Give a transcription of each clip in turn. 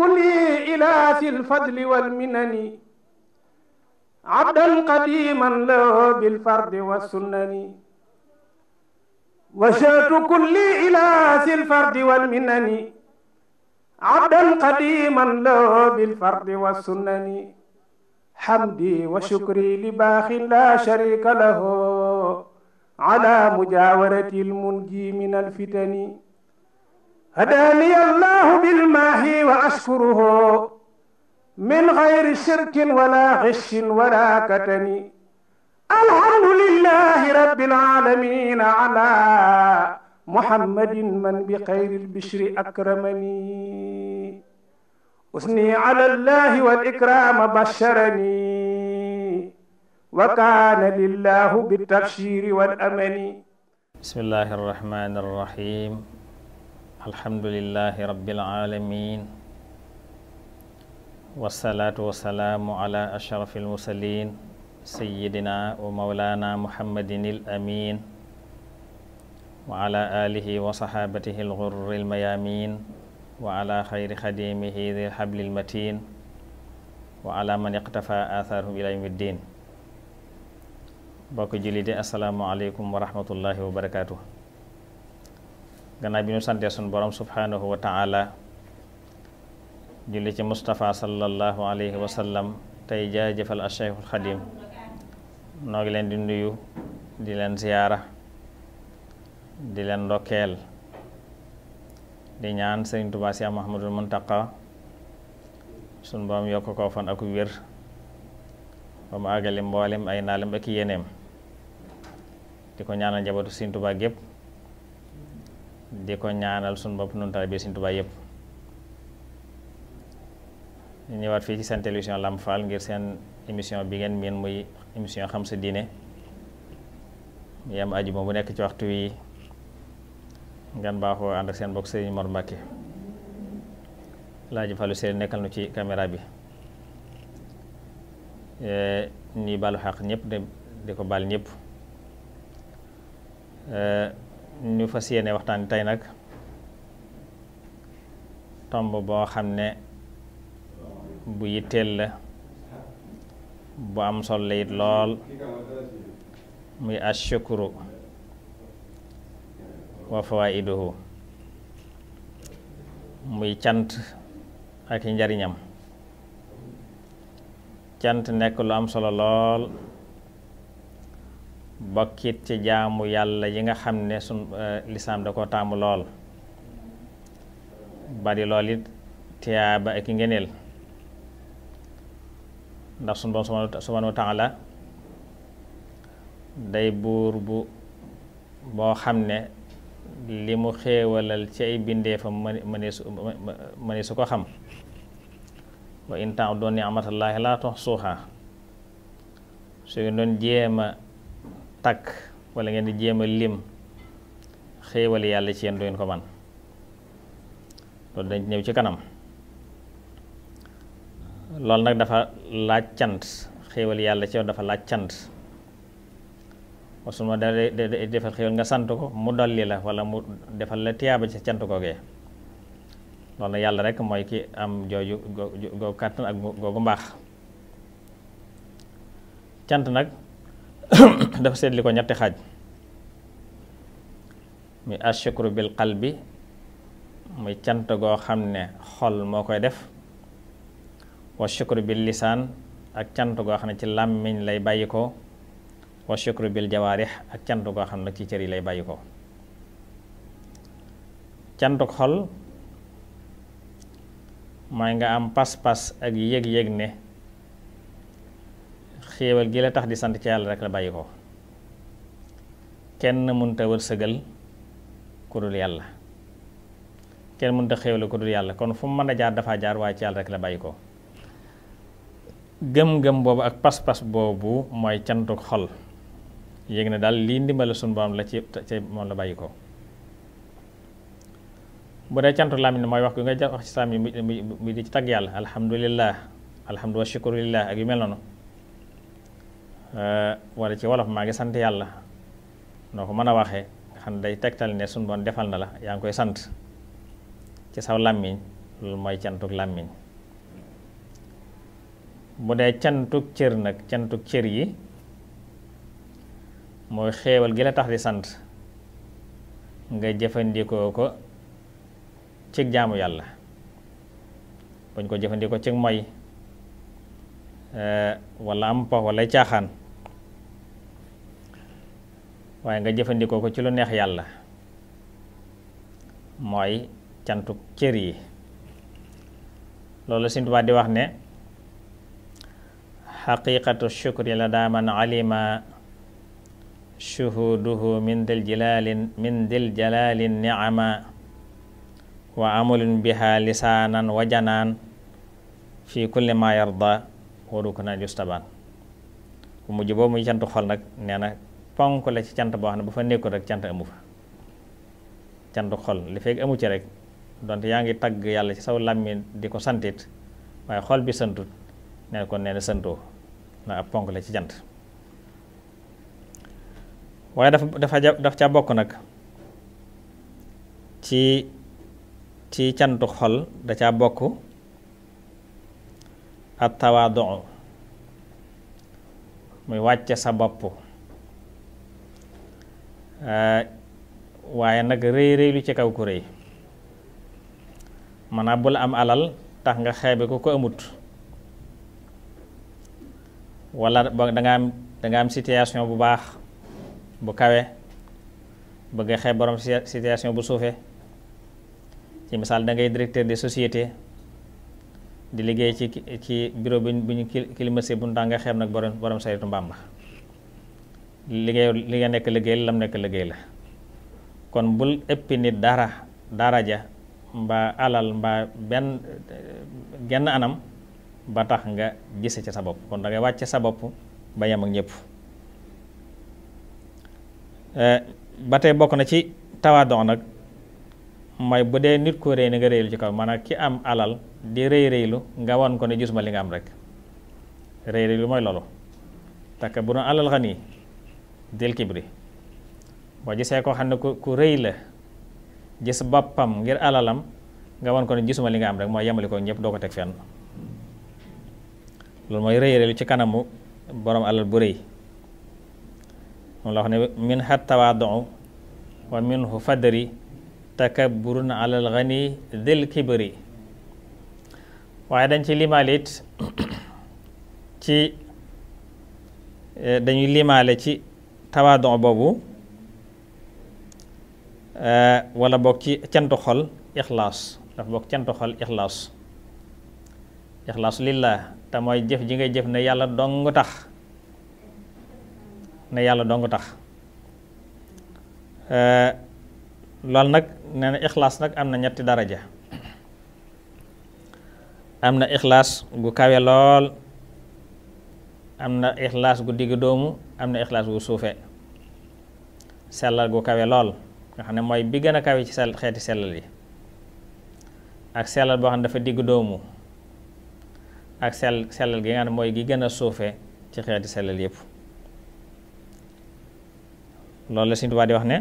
كلي إلى ذي الفضل والمنن عبدا قديما له بالفرد والسنن وشات كلي إلى ذي الفرد والمنن عبدا قديما له بالفرد والسنن حمدي وشكري لباخ لا شريك له على مجاورة المنجي من الفتن هداني الله بالماهي وأشكره من غير شرك ولا غش ولا كتم الحمد لله رب العالمين على محمد من بخير البشر أكرمني أثني على الله والإكرام بشرني وكان لله بالتبشير والأمن بسم الله الرحمن الرحيم alhamdulillahi rabbil alamin wasalaatu wasalaamu ala ashrafil mursalin sayyidina wa mawlana muhammadin al amin wa ala alihi wa saxaabatihi al ghurril mayamin wa ala xayri xadimihi dil hablil matin wa ala man iqtafa atharhum ila yawmi ddin bokk julli di assalaamu aleykum wa rahmatullahi wa barakatuh gannaaw bi ñu santee sun borom subhanahu wa ta'ala julli ci Moustapha sallallahu alayhi wa tey jaajëfal a Cheikhul Xadim leen di nduyu di leen ziyaara di leen ndokkeel di ñaan Sëriñ Tuubaa si Muhammadul Muntaqa sun borom yokk ko fan ak wér ba mu àggale mboolem ay naalam ak yéeneem di ko ñaanal njabootu Sëriñ Tuubaa gépp di ko ñaanal suñu bopp nun tara bi Sëriñ Tuubaa yëpp ñëwaat fii ci seen télévision Lamp Fall ngir seen émission bi ngeen miin muy émission xam sa diine yam ajuma bu nekk ci waxtu wi ngeen baaxoo ànd ak seen mbokk Sëriñ Mor Mbàkke laaji Fallu Seen nekkal nu ci caméra bi e, ñuy baalu xaq ñëpp di ko baal ñëpp e, ñu fas yéene waxtaan tey nag tomb boo xam ne bu yitteel la bu am solo la lool muy ashukru wa fawaiduhu muy cant ak njariñam cant nekk lu am solo lool bokkit ci jaamu yàlla yi nga xam ne su eh, lislaam da ko tàmm lool bari lool it tiyaaba ak i ngeneel ndax sun boom subhaanahu wa taala day buur bu boo xam ne li mu xéewalal ci ay bindeefam mëneesu mëneesu ko xam wa in ta'uddu ni'matallaahi laa tuhsuuhaa su ngeen doon jéema takk wala ngeen di jéem a lim xéewal yàlla ci yéen ko man loolu dañ ñëw ci kanam loolu nag dafa laaj cant xéewal yàlla ci yow dafa laaj cant wasu ma da defal xéewal nga sant ko mu dolli la wala mu defal la tiyaaba ci cant googee loolu nag yàlla rek mooy ki am jooju googu kàttan ak googu mbaax cant nag dafa seetli ko ñetti xaaj muy ashukru bil qalbi muy cant goo xam ne xol moo koy def wa shukru bil lisaan ak cant goo xam ne ci làmmiñ lay bàyyi ko wa shukru bil jawaarix ak cant goo xam ne ci cër yi lay bàyyi ko cantuk xol mooy nga am pas-pas ak yëg-yëg ne xéewal gi la tax di sant ci yàlla rek la bàyyi ko kenn mënta wërsëgal ku dul yàlla kenn mënta xéewal ku dul yàlla kon fu mu mën a jaar dafaa jaar waaye ci yàlla rek la bàyyi ko gëm-gëm boobu ak pas-pas boobu mooy cantuk xol yéeg na daal lii ndimbal suñu borom la ci ci moom la bàyyi ko bu dee cantu làmmiñ mooy wax gi nga wax ci saam yi mu di ci yàlla alhamdulillah alhamdu wa ak yu mel Eh, walla ci wolof maa ngi sant yàlla noo ko mën a waxee nga day tegtal ne suñu boon defal na la yaa ngi koy sant ci saw làmmiñ loolu mooy cantuk làmmiñ mu dee cantuk cër nag cantuk cër yi mooy xéewal gi la tax di sant nga jëfandikoo ko cig jaamu yàlla buñ ko jëfandikoo cig moy Eh, wala am pax caaxaan waaye nga jëfandikoo ko ci lu neex yàlla mooy cantuk cër yi loolu Sëñ Tuubaa di wax ne xaqiqatu shukri la daaman alima shuhuduhu min dil jalaalin min dil jalaalin niama wa amulin biha lisaanan wa janaan fi kulli ma yarda waru ko naa justabaan bu mujj boobu muy cantu xol nag nee na ponk la ci cant boo xam ne bu fa nekkul rek cant amu fa cantu xol li fekk amu ci rek dont yaa ngi tagg yàlla ci saw làmmiñ di ko santit waaye xol bi santut nee kon nee na santoo ndax ab ponk la ci cant waaye dafa dafa daf ca bokk nag ci ci cantu xol da caa bokk at tawaadoo muy wàcce sa bopp eh, waaye nag rëy rëy ci kaw ku rëy maanaam bu am alal tax nga xeebe ku ko amut wala ba danga am danga am situation bu baax bu kawee bëgg xeeb borom situation bu suufe ci misaal da ngay directeur de société di liggéey ci ci bureau bi bu ñu climatisé bu ndax nga xeeb nag borom borom saytu mbaam la liggéey li nga nekk liggéey la lam nekk liggéey kon bul ëppi ni dara ja mbaa alal mbaa benn genn anam ba tax nga gise ci sa bopp kon da ngay sa bopp ba yem ak eh, ba tey bokk na ci tawaadon nag mooy bu dee nit ku réy ni nga réylu ci kaw a ki am alal di réy réylu nga won ko ne gisuma li nga am rek réy réylu mooy loolu takk bu doon alal xan yi del kibri xam ne ku ku rëy la gis boppam ngir alalam nga wan ko ne gisuma li nga am rek mooy yemali ko ñëpp doo ko teg fenn loolu mooy rëy réylu ci kanamu borom alal bu réy moom la wax ne min xat tawaadu wa minhu fadri takabburun alal ghani dil kibri waaye dañ ci limaale ci eh, dañuy limaale ci tawaadon boobu eh, wala bokk ci cantu xol ixlaas dafa bokk cantu xol ixlaas ixlaas lillah te mooy jëf ji ngay jëf ne yàlla dong tax ne yàlla dong tax eh, loolu nag nee na ixlaas nag am na ñetti daraja am na ixlaas gu kawe lool am na ixlaas gu digg doomu am na ixlaas gu suufe sellal gu kawe lool nga xam ne mooy bi gën a kawe ci sell xeeti sellal yi ak sellal boo xam ne dafa digg doomu ak sel sellal gi nga xam ne mooy gi gën a suufe ci xeeti sellal yépp loolu la Sëñ Tuubaa di wax ne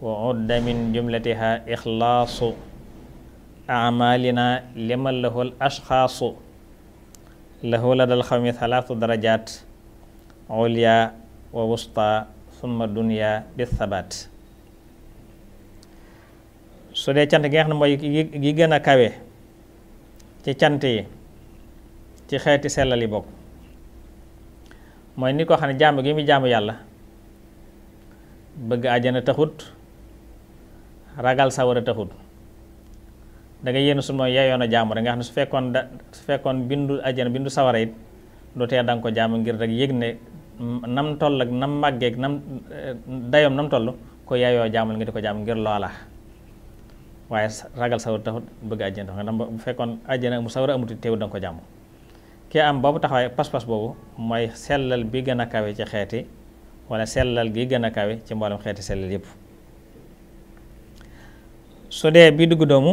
wa udda min jumlatiha ixlaasu amalina liman lahu al ashxaasu lahu la dal xawmi thalaatu darajaat ulya wa wusta summa dunya bi thabaat su dee cant gi nga xam ne mooy gi gën a kawe ci cant yi ci xeeti sellal yi bokk mooy nit koo xam ne jaamu gi muy jaamu yàlla bëgg àjjana taxut ragal sawara taxut da nga su ma yeyoon a jaamu rek nga xam ne su fekkoon da su fekkoon bindu ajjana bindu sawara it du tee danga ko jaamu ngir rek yëg ne nam toll ak nam màggeeg nam eh, dayoom nam toll ko yeyoo jaamul nga di ko jaamu ngir loola waaye ragal sawara taxut bëgg ajjana taxut ndax bu fekkoon ajjana mu sawara amut teewul da danga ko jaamu kii am boobu taxawaay pas-pas boobu mooy sellal bi gën a kawe ci xeeti wala sellal gi gën a kawe ci mboolem xeeti sellal yëpp su dee bi dugg doomu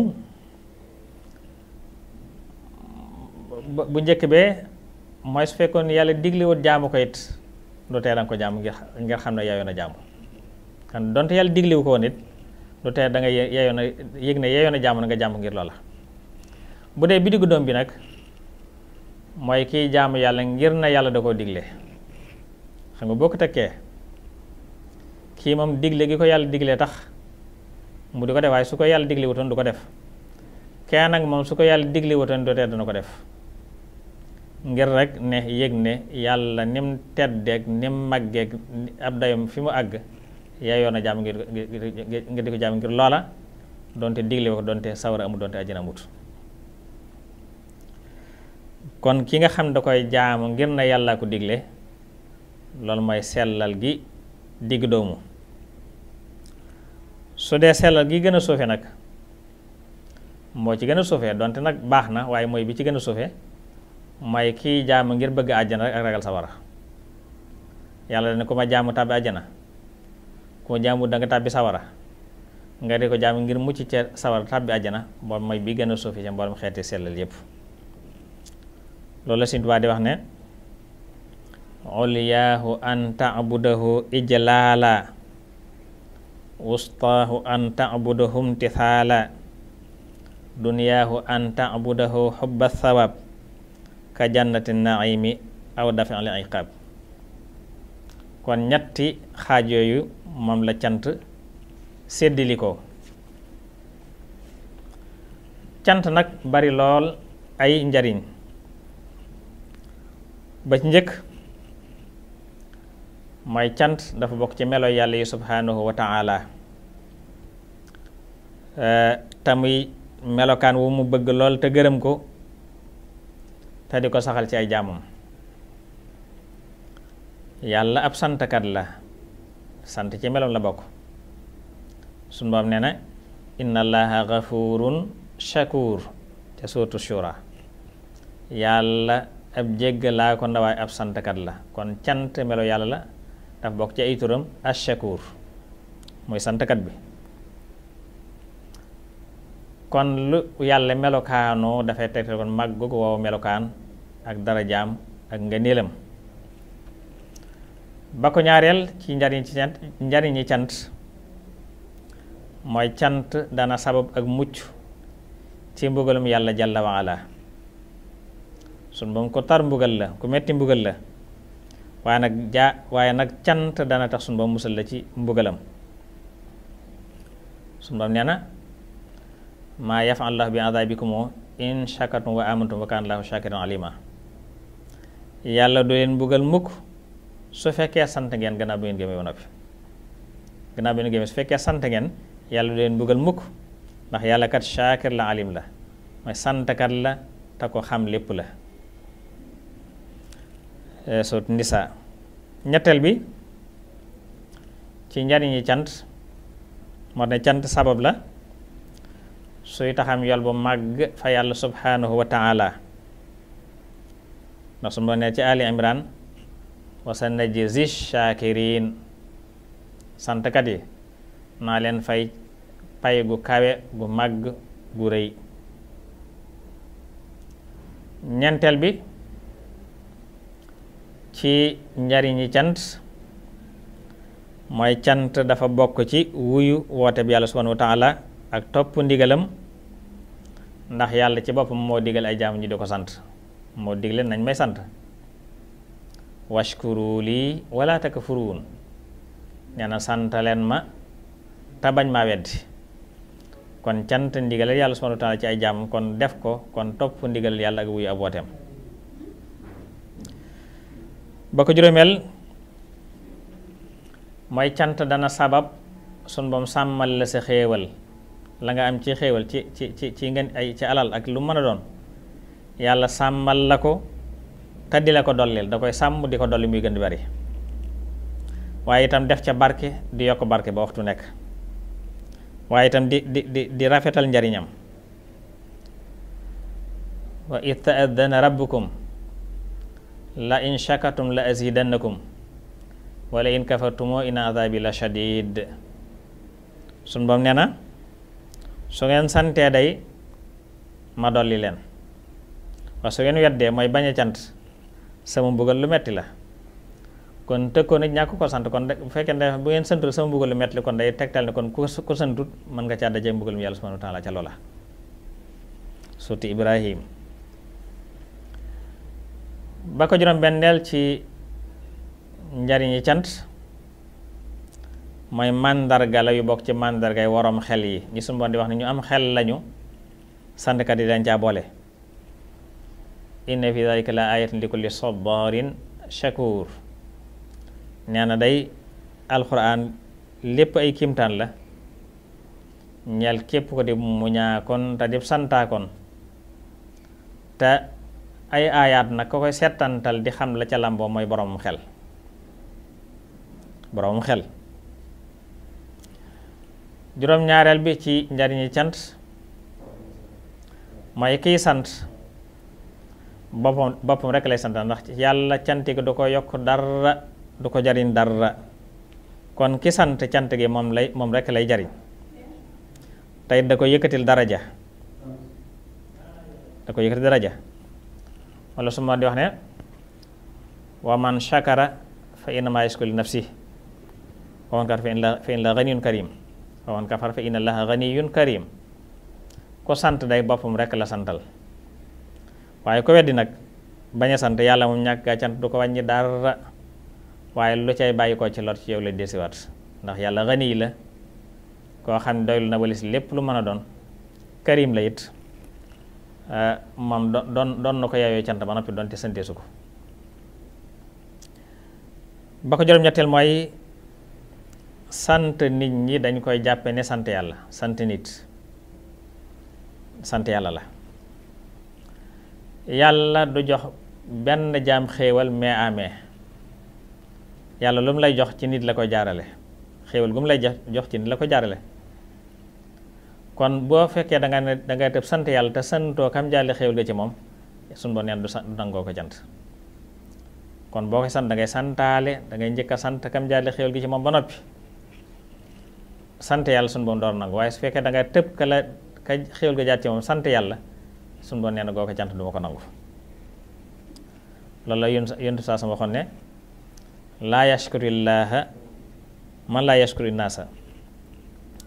bu njëkk bee mooy su fekkoon yàlla digle wut ko it du tee danga ko jaamu ngir ngir xam ne yaayoon a jaamu kan donte yàlla digliwu ko woon da nga yaayoon a yëg ne nga jaamu ngir loola bu dee bi diggu doom bi nag mooy kiy jaamu yàlla ngir na yàlla da koo digle xam nga boo ko tekkee kii moom digle gi ko yàlla digle tax mu di ko def waaye su ko yàlla digli wutoon du ko def kenn nag moom su ko yàlla digli wutoon du tee dana ko def ngir rek ne yëg ne yàlla nim teddeeg nim màggeeg ab dayom fi mu àgg yaa yoon a jaam ngir ngir di ko jaam ngir loola donte digle ko donte sawara amut donte ajjana amut kon ki nga xam da koy jaamu ngir na yàlla ko digle loolu mooy sellal gi digg doomu su dee sellal gi gën a suufe nag moo ci gën a suufe donte nag baax na waaye mooy bi ci gën a suufe mooy kii jaamu ngir bëgg àjjana rek ak ragal sawara yàlla dana ku ma jaamu tàbbi àjjana ku ma jaamu sawara nga di ko jaamu ngir mucc ca sawara tàbbi àjjana moom mooy bi gën a suufe ca mboolem xeeti sellal yépp loolu la Sëñ di wax ne ulyaahu an taabudahu ijlaala wustaahu an ta'budahu imtithaala dunyaahu an ta'budahu hubba thawab ka jannati naimi aw dafi al iqab kon ñetti xaaj yooyu moom la cant séddili ko cant nag bari lool ay njariñ ba ci njëkk mooy cant dafa bokk ci melo yàlla yi subhaanahu wa ta'ala eh, te muy melokaan wu mu bëgg lool te gërëm ko te di ko saxal ci ay jaamam yàlla ab santkat la sant ci melo la bokk sunu Boroom nee na inna allaha ghafurun shakur te suuratu shura yàlla ab jégg laa ko ndawaay ab santkat la kon cant melo yàlla la daf bokk ci ay turam ashakur mooy santkat bi kon lu yàlla melokaanoo dafay tegtal kon màgg gu wow melokaan ak dara jaam ak ngëneelam ba ko ñaareel ci njariñ ci cant njariñi cant mooy cant dana sabab ak mucc ci mbugalum yàlla jalla sun ba mu ko tar mbugal la ku metti mbugal la waaye nag jaa waaye nag cant dana tax sunu ba musal la ci mbugalam sunu bam nee na maa yafal allahu bi adaabikumoo in shakartum wa amantum alima yàlla du leen mbugal mukk su fekkee sant ngeen gannaaw bi ngeen gëmee ba noppi gannaaw bi ngeen gëmee su fekkee sant ngeen yàlla du leen mbugal mukk ndax yàlla kat shaakir la alim la mooy sant kat la te ko xam lépp la Eh, sot nisa ñetteel bi ci njariñi cant moo ne cant sabab la suy taxam yol bu màgg fa yàlla subhanahu wa ndax su doon ci ali imran wa sa najzi shakirin santkat yi naa leen fay pay gu kawe gu màgg gu rëy ñeenteel bi ci njariñi cant mooy cant dafa bokk ci wuyu woote bi yàlla subhanahu wa taala ak topp ndigalam ndax yàlla ci boppam moo digal ay jaam ñu di ko sant moo digle nañ may sant washkuru lii wala takfuruun nee na santaleen ma te bañ maa weddi kon cant ndigalal yàlla subhanahu wa taala ci ay jaam kon def ko kon topp ndigalal yàlla ak wuyu ab wooteem ba ko juróomeel mooy cant dana sabab sun boom sàmmal la sa xéewal la nga am ci xéewal ci ci ci ci ngeen ay ci alal ak lu mën a doon yàlla sàmmal la ko te di la ko dollil da koy sàmm di ko dolli muy gën di bari waaye itam def ca barke di yokk barke ba waxtu nekk waaye itam di di di rafetal njariñam wa it ta'adana rabbukum la in shakartum la azidannakum wala in kafartumoo in azabi la shadid sun boom nee na su ngeen santee day ma dolli leen waaye su ngeen weddee mooy bañ a cant sama mbugal lu metti la kon tëkkoon nit ñàkk ko sant kon de bu fekkee ne bu ngeen santul sama mbugal lu metti la kon day tegtal ne kon ku ku santut mën nga caa dajee mbugal mu yàlla subhanahu wa taala ca loola surtout Ibrahim ba ko juróom benneel ci njariñi cant mooy màndarga la yu bokk ci màndargay waroom xel yi ñi sumboon di wax ne ñu am xel lañu santkat yi dañ caa boole inna fi dalika la ayatin li kulli shakur nee na day lépp ay kimtaan la ñeel képp ko di muñaa te di santaakoon te ay ayaat nag ko koy settantal di xam la ca làmboo mooy boromum xel boromum xel juróom-ñaareel bi ci njariñi cant mooy kiy sant boppam boppam rek lay sant ndax yàlla cant gi du ko yokk dara du ko jariñ dara kon ki sant cant gi moom lay moom rek lay jariñ tey da ko yëkkatil daraja da ko yëkkatil daraja wala su ma di wax ne wa man shakara fa innama yashkuru li nafsihi wa man kafara fa inna llaha ghaniyyun karim wa man sant day boppam rek la santal waaye ko weddi nag bañ a sant yàlla mu ñàkk a cant du ko wàññi dara waaye lu cay bàyyi ko ci lor ci yow lay desiwaat ndax yàlla ghaniy la koo xam ne doylu na walis lépp lu mën a doon karim la it Eh, do doon doon na ko yaayoo cant ba noppi doon te santeesu ko ba ko juróom-ñetteel mooy sant nit ñi dañ koy jàppe ne sant yàlla sant nit sant yàlla la yàlla du jox benn jaam xéewal mais amee yàlla lu mu lay jox ci nit la koy jaarale xéewal gu mu lay jox ci nit la koy jaarale kon boo fekkee da nga ne da tëb sant yàlla te santoo kam jàlli xéwal ga ci moom suñu bo neen du nangoo ko jant kon boo koy sant da ngay santaale da ngay njëkk sant kam jàlli xéwal gi ci moom ba noppi sant yàlla suñu boom waaye su fekkee da nga tëb ka la ga jaat ci sant yàlla suñu bo neen goo ko jant du ko nangu loolu la yontu saa sama waxoon ne laa yashkurillaaha man laa yashkuri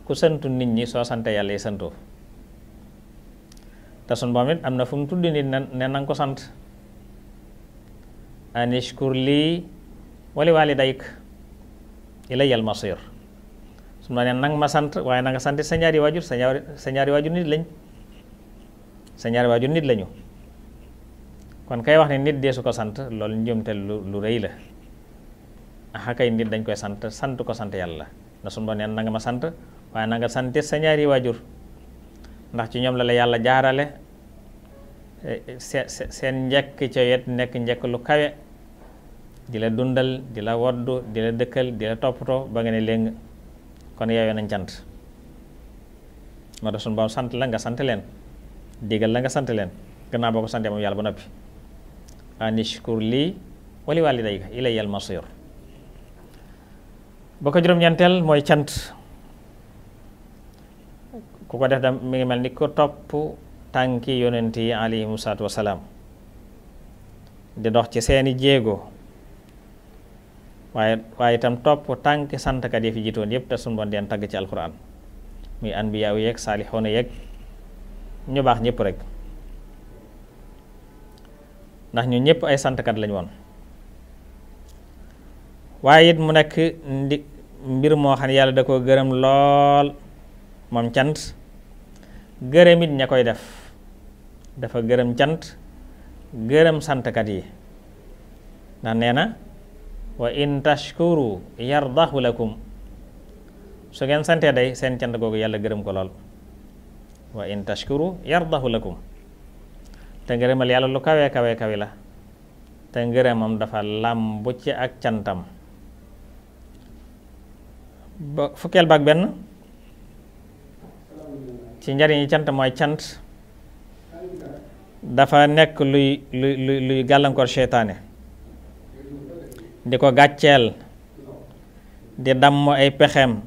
ku santu nit ñi soo sante yàlla yi santoo te sun boom it am na fu mu tudd nit ne nanga ko sant anishkur lii wali walidayk ilayal masir su ma ne nang ma sant waaye na sant sa ñaari waajur sa ñaari sa nit lañ sa ñaari waajur nit lañu kon kay wax ne nit dee su ko sant loolu njuumte lu lu rëy la axa kay nit dañ koy sant sant ko sant yàlla na sunu ba neen na ma sant waaye na nga santit sa ñaari waajur ndax ci ñoom la la yàlla jaarale eh, eh, seen njekk ca yet nekk njekk lu kawe di la dundal di la woddu di la dëkkal di la toppatoo ba nga ne léng kon yeewee nañ cant moo tax suñu boom sant la nga sant leen digal la nga sant leen gannaaw boo ko santee moom yàlla ba noppi anishkur lii wali walidayka ilayya al masir ba ko juróom-ñeenteel mooy cant ku ko def dam mu ngi mel ni ko topp tànki yonent yi alayhimu salaatu wasalaam di dox ci seeni jéego waaye waaye itam topp tànki santkat yi fi jiitoon yëpp te sunu deen tagg ci alquran muy anbiyaaw yeeg saalixoona yeeg ñu baax ñëpp rek ndax ñu ñëpp ay santkat lañ woon waaye it mu nekk ndi mbir moo xam ne yàlla da ko gërëm lool moom cant gërëm it ña koy def dafa gërëm cant gërëm santkat yi ndax nee na wa in tashkuru yardahu lakum su ngeen santee day seen cant googu yàlla gërëm ko lool waa in tashkuru yardahu lakum te ngërëmal yàlla lu kawe kawe kawe la te ngërëmam dafa làmbu ci ak cantam ba fukkeel baag benn ci njariñi cant mooy cant dafa nekk luy luy luy gàllankoor seytaane di ko gàcceel di damm ay pexem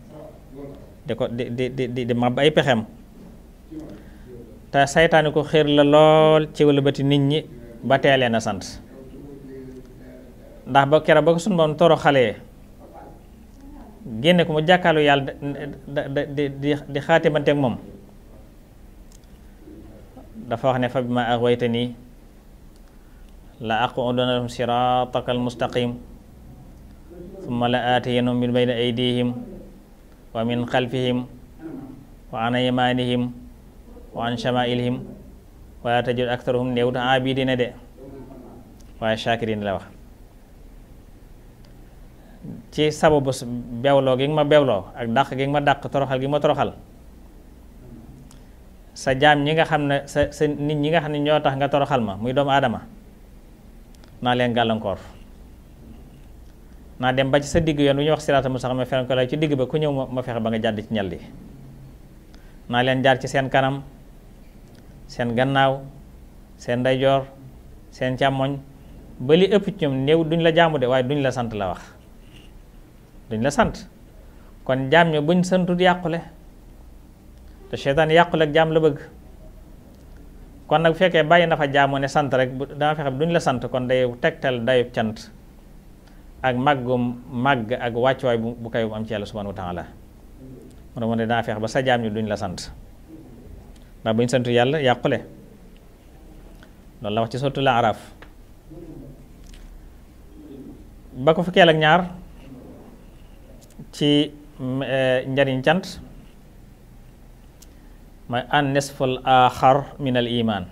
di ko di di di di ay pexem te seytaane ko xiir la lool ci wala bati nit ñi ba teelee na sant ndax ba kera ba ko sun moom toro xale génne ko mu jàkkaalu yàlla di di di xaatimanteeg moom dafa wax ne fa bima aghwaytani la aqudu lahum siraataka almustaqim summa la aatiyannahum min bayni aydihim wa min xalfihim wa an aymaanihim wa an shamaa'ilihim wa tajid aktharahum néewut aabidiina de waaye shaakiriin la wax ci sababu bewloo gi nga ma bewloo ak daq gi nga ma dàq toroxal gi ma toroxal sa jaam ñi nga xam ne sa sa nit ñi nga xam ne ñoo tax nga toroxal ma muy doomu aadama naa leen gàllankoor naa dem ba ci sa digg yoon bu ñuy wax siraatal mustaqiim ma feneen ko ci digg ba ku ñëw ma fexe ba nga jàdd ci ñal li naa leen jaar ci seen kanam seen gannaaw seen ndeyjoor seen càmmoñ bali li ëpp ci ñoom néew duñ la jaamu de waaye duñ la sant la wax duñ la sant kon jaam ñi buñ santut yàqule te seytaan yàqul ak jaam la bëgg kon nag bu fekkee bàyyi na fa jaamu ne sant rek dama fexe duñ la sant kon day tegtal dayub cant ak màggum màgg ak wàccuwaay bu kay bu am ci yàlla subhanahu wa taala mona moo ne daa feex ba sa jaam ñi duñ la sant ndax buñ santu yàlla yàqule loolu la wax ci sotu la araf ba ko fukkeel ak ñaar ci eh, njariñ cant mooy an nisful axar min al iman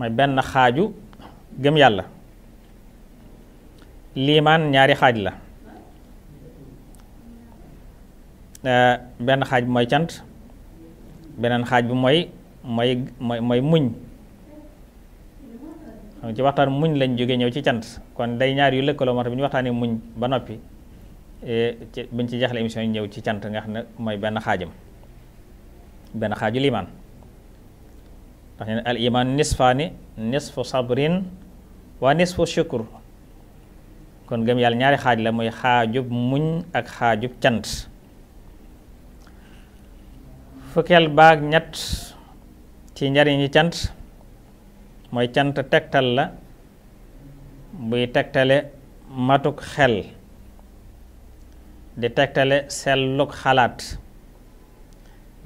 mooy benn xaaju gëm yàlla liimaan ñaari xaaj la eh, benn xaaj bi mooy cant beneen xaaj bi mooy mooy mooy muñ xam ci waxtaan muñ lañ jóge ñëw ci cant kon day ñaar yu lëkkaloo moo tax bi ñu waxtaanee muñ ba noppi eh, buñ ci jaxle émission yi ñëw ci cant nga xam ne mooy benn xaajam benn xaaju limaan ndax ne al imaan nisfaani nisfu sabrin waa nisfu shukur kon gëm yàlla ñaari xaaj la muy xaajub muñ ak xaajub cant fukkeel baag ñett ci njariñi cant mooy cant tegtal la buy tegtale matuk xel di tegtale selluk xalaat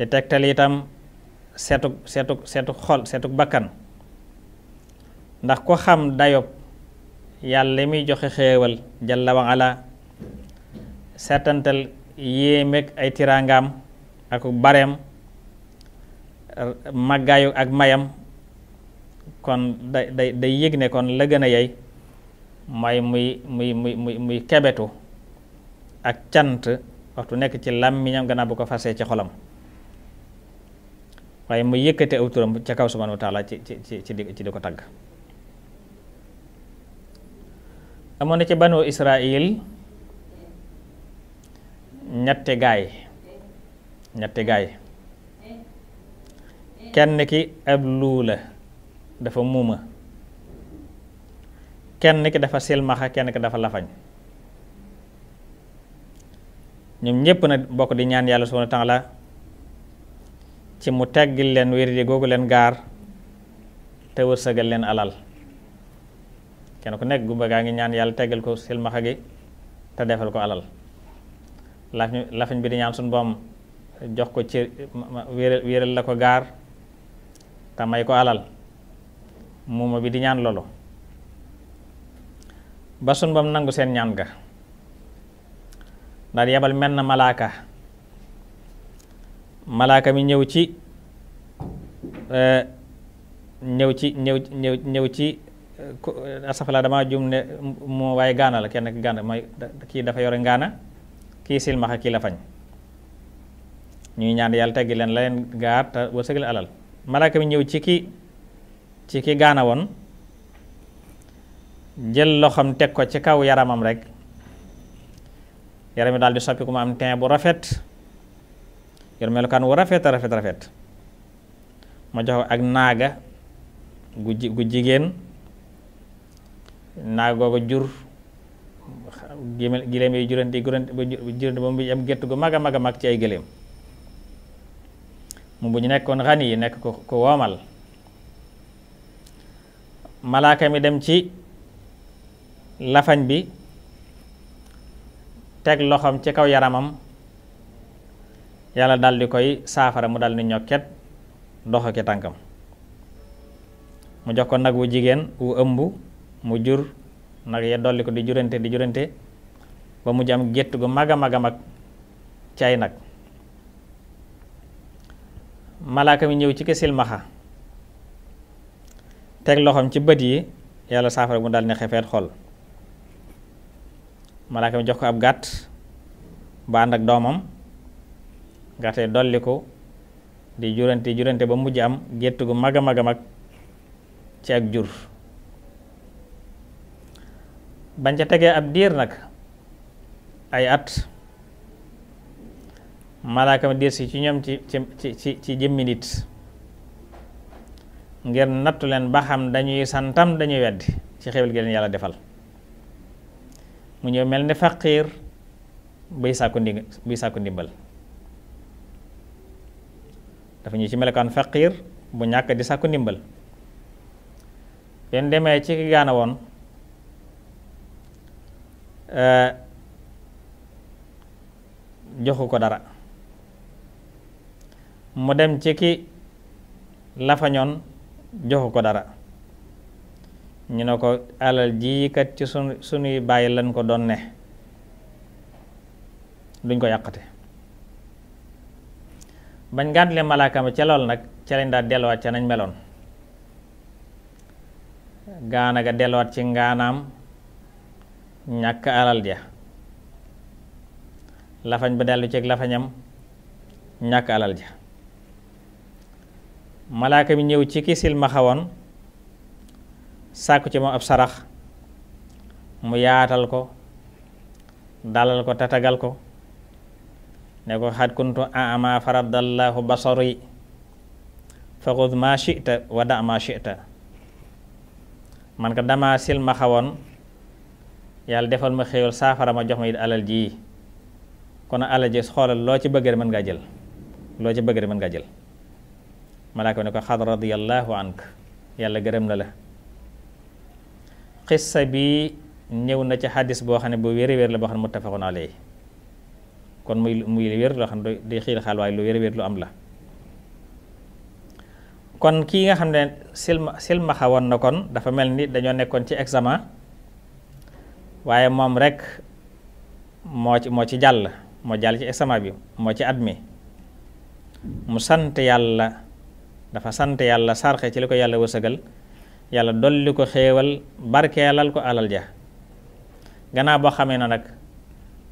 di tegtal itam seetuk seetuk seetuk xol seetuk bakkan ndax ko xam dayob yàlla muy joxe xéewal jalla wa ala seetantal yéemeeg ay tiraangaam ak bareem màggaayu ak mayam kon da day day yëg ne kon la gën a yey may muy muy muy muy muy kebetu ak cant waxtu nekk ci làmmiñam gannaaw bu ko fasee ci xolam waaye mu yëkkate aw ca kaw subhanahu wa taala ci ci ci ci di ko tagg amoon na ci banu Israil ñette gaay ñette gaay kenn ki ab luu la dafa muuma kenn ki dafa silmaxa kenn ki dafa lafañ ñoom ñépp na bokk di ñaan yàlla subhanahu wa taala ci mu teggil leen wéradi googu leen gaar te wërsëgal leen alal kenn ku nekk gumba gaa ngi ñaan yàlla teggal ko silmaxa gi te defal ko alal lafiñ bi di ñaan suñu jox ko ci wéral la ko gaar te may ko alal muuma bi di ñaan lolo ba suñu boom nangu seen ñaan ga ndax yebal menn malaaka malaaka mi ñëw ci euh, ñëw ci ñëw ñëw ñëw ci asafala dama jum ne mu waaye gaana la kenn gaana mooy kii dafa yore ngaana kii silmaxa kii la fañ ñuy ñaan yàlla teggi leen la leen gaar te wërsëg la alal malaaka mi ñëw ci ki ci ki gaana woon jël loxoom teg ko ci kaw yaramam rekk yaram yi daal di soppi ku mu am teen bu rafet yor melokaan wu rafet a rafet rafet ma jox ak naaga gu ji gu jigéen naaga googu jur giléem yi juranti juranti ba mu am gétt gu mag a mag a mag ci ay gëléem mu bu ñu nekkoon xan yi nekk ko ko woomal malaaka mi dem ci lafañ bi teg loxoom ci kaw yaramam yàlla daldi koy saafara mu dal ni ñokket dox tànkam mu jox ko nag wu jigéen wu ëmb mu jur nag ya dolli ko di jurante di jurante ba mu jam gétt gu mag a mag a mag cay nag malaaka mi ñëw ci ki silmaxa teg loxoom ci bët yi yàlla saafara mu dal ni xefeet xol malaaka jox ko ab gàtt ba ànd ak doomam garte dolliku di jurante jurante ba mujj am gétt gu mag a mag a mag ci ak jur bañ ca tegee ab diir nag ay at malaaka ma diir si ci ñoom ci ci ci ci jëmmi nit ngir nattu leen ba xam dañuy santam dañuy weddi ci xéwal gi leen yàlla defal mu ñëw mel ni faqiir buy sàkku ndi buy sàkku ndimbal dafa ñu ci melokaan faqiir bu ñàkk di sàkk ndimbal benn demee ci ki gaana woon eh, joxu ko dara mu dem ci ki lafañoon joxu ko dara ñu ne ko alal ji kat ci sunu sunuy bàyyi lañ ko doon ne duñ ko yàqte bañ gàntale malaaka ma ca lool nag ca lañ daa delluwaat ca nañ meloon gaana ga delluwaat ci ngaanaam ñàkk alal ja lafañ ba dellu ceeg lafañam ñàkk alal ja malaaka mi ñëw ci ki silmaxa woon sàkku ci moom ab sarax mu yaatal ko dalal ko tatagal ko ne ko xad kuntu ama faradallahu basari faqud ma shita wa da ma shita man ko dama silma yàlla defal ma xéewal saafara ma jox ma it alal ji kon alal ji xoolal loo ci bëgg mën nga jël loo ci bëgg mën ngaa jël malaaka ne ko xad radiyallahu ank yàlla gërëm na la xissa bi ñëw na ci xadis boo xam ne bu wér wér la boo xam ne muttafaqun alayhi kon muy muy wér loo xam ne day xiir xaal waaye lu wér wér lu am la kon kii nga xam ne silma silmaxa woon na kon dafa mel ni dañoo nekkoon ci examen waaye moom rekk moo ci moo ci jàll moo jàll ci examen bi moo ci admis mu sant yàlla dafa sant yàlla sarxe ci li ko yàlla wësëgal yàlla dolli ko xéewal barkeelal ko alal ja gannaaw boo xamee na nag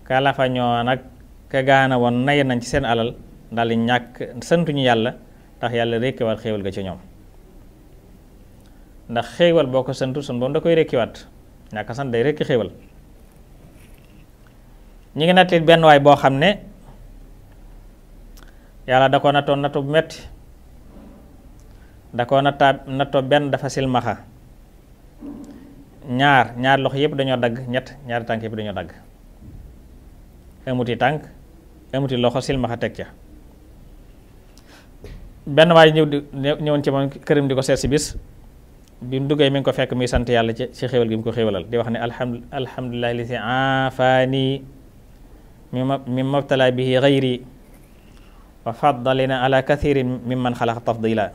kalafañoo nag ka gaana woon nay nañ ci seen alal daal ñàkk santuñu yàlla ndax yàlla rékkiwaat xéewal ga ci ñoom ndax xewal boo ko santu sun boom da koy rékkiwaat ñàkk sant day rekki xéewal ñu ngi natt benn waay boo xam ne yàlla da ko nattoon nattu bu metti da ko natta nattoo benn dafa silmaxa ñaar ñaar loxo yëpp dañoo dagg ñett ñaari tànk yëpp dañoo dagg amuti tànk amuti loxo silmaxa teg ca benn waay ñëw di ci man këram di ko seet si bis bi duggee mi ngi ko fekk muy sant yàlla ci ci xéwal gi mu ko xéwalal di wax ne alhamdu alhamdulilah li si afaani mi ma mi mabtala bihi xayri wa faddalina ala kathirin mimman xalaqa tafdila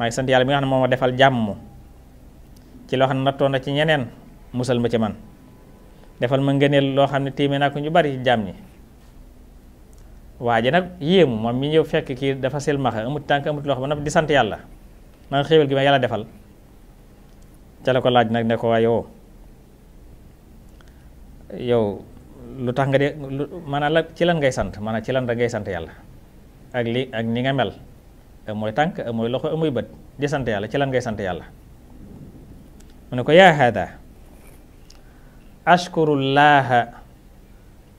maa ngi sant ma defal jàmm ci loo xam ne nattoon ci ñeneen musal ma ci man defal ma ngëneel loo xam ne tiime naa ko ñu bari ci jàmm ñi waa ji nag yéemu moom mi ñëw fekk kii dafa silmaxa amut tànk amut loxo ba noppi di sant yàlla man xéewal gi ma yàlla defal ca la ko laaj nag ne ko waa lu tax nga de maanaam la ci lan ngay sant maanaam ci lan rek ngay sant yàlla ak li ak ni nga mel mooy tànk mooy loxo amuy bët di sant yàlla ci lan ngay sant yàlla yaa haada ashkurullaha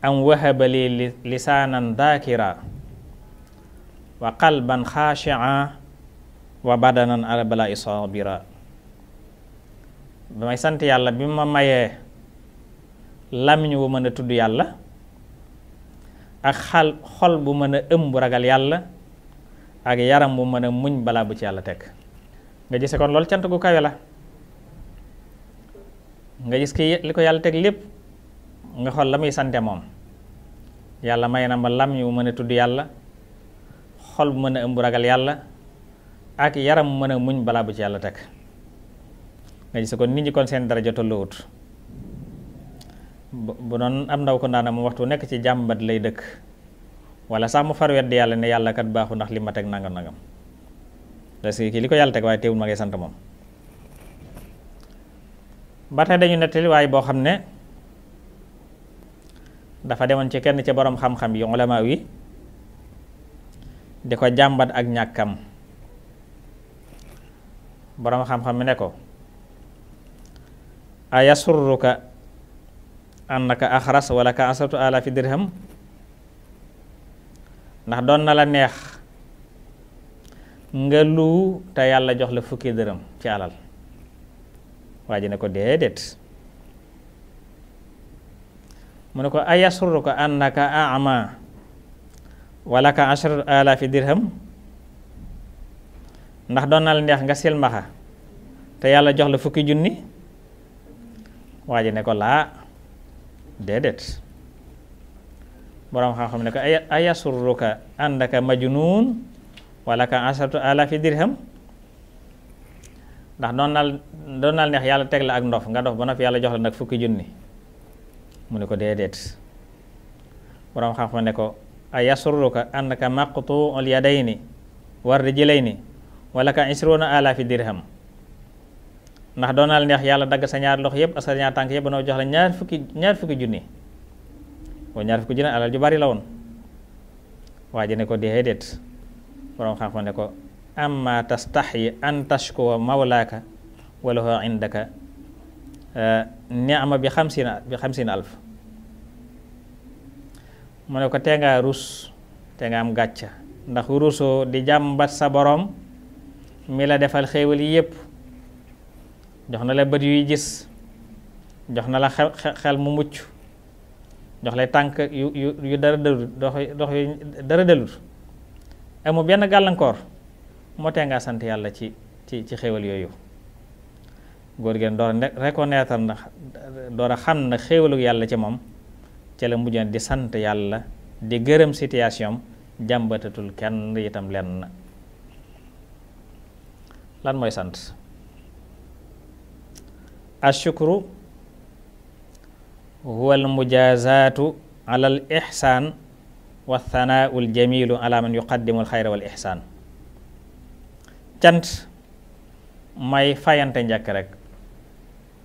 am wahaba li lisaanan daakira wa qalban xaashi'a wa badanan ala balaa'i saabira ba may sant yàlla bi ma mayee làmmiñ bu mën a tudd yàlla ak xal xol bu mën a ëmb ragal yàlla ak yaram bu mën a muñ balaa bu ci yàlla teg nga gise kon loolu cant gu kawe la nga gis ki li ko yàlla teg lépp nga xool la muy sante moom yàlla may na ma lam yu mën a tudd yàlla xol bu mën a ëmb ragal yàlla ak yaram mën a muñ balaa bu ci yàlla teg nga gis kon nit ñi kon seen daraja tolluwut bu doon am ndaw ko ndaana mu waxtu nekk ci jàmbat lay dëkk wala sax mu far wedd yàlla ne yàlla kat baaxu ndax li ma teg nangam nangam parce kii li ko yàlla teg waaye teewul ma ngay sant moom ba tey dañu nettali waaye boo xam ne dafa demoon ci kenn ci boroom xam-xam yi ulama yi di ko jàmbat ak ñàkkam boroom xam-xam mi ne ko a yasurruka annaka axras wala ka asatu ala fi dirham ndax doon na la neex nga lu te yàlla jox la fukki dërëm ci alal waa ji ne ko déedéet mu ne ko ayasurruka annaka a'ma walaka ashru alaafi dirham ndax doon na la neex nga silmaxa te yàlla jox la fukki junni waa ji ne ko laa déedéet boroom xam-xam ne ko ay ayasurruka annaka majnuun walaka ashru alaafi dirham ndax doon na doon na la neex yàlla teg la ak ndof nga dof ba noppi yàlla jox la nag fukki junni mu ne ko déedéet borom xam-xam ne ko a yasruruka annaka maqtu'ul yadayni war rijlayni wala ka isruuna alaafi dirham ndax doonal neex yàlla dagg sa ñaar loxo yëpp ak sa ñaar tànk yëpp ba noo jox la ñaar fukki ñaar fukki junni waa ñaar fukki junni alal ju bari la woon waa ji ne ko déedéet borom xam-xam ne ko amma tastaxyi an tashkuwa mawlaaka wa lahu indaka Eh, neama bi xamsina bi xamsina alf mu ne ko tee ngaa rus te nga am gàcca ndax rusoo di jàmbat sa boroom mi la defal xéewal yi yépp jox na la bët yuy gis jox na la xel mu mucc jox la tànk yu yu yu dara dëlul dox dox yu dara dëlul amu benn gàllankoor moo tee sant yàlla ci ci ci xéewal yooyu góor geen door a na xam na xéewalu yàlla ci moom ci la mujj di sant yàlla di gërëm situation jàmbatatul kenn itam lenn lan mooy sant ashukru huwa almujazaatu ala al ixsaan wa thanaau jamilu ala man yuqaddimu wal ixsaan cant may fayante njëkk rekk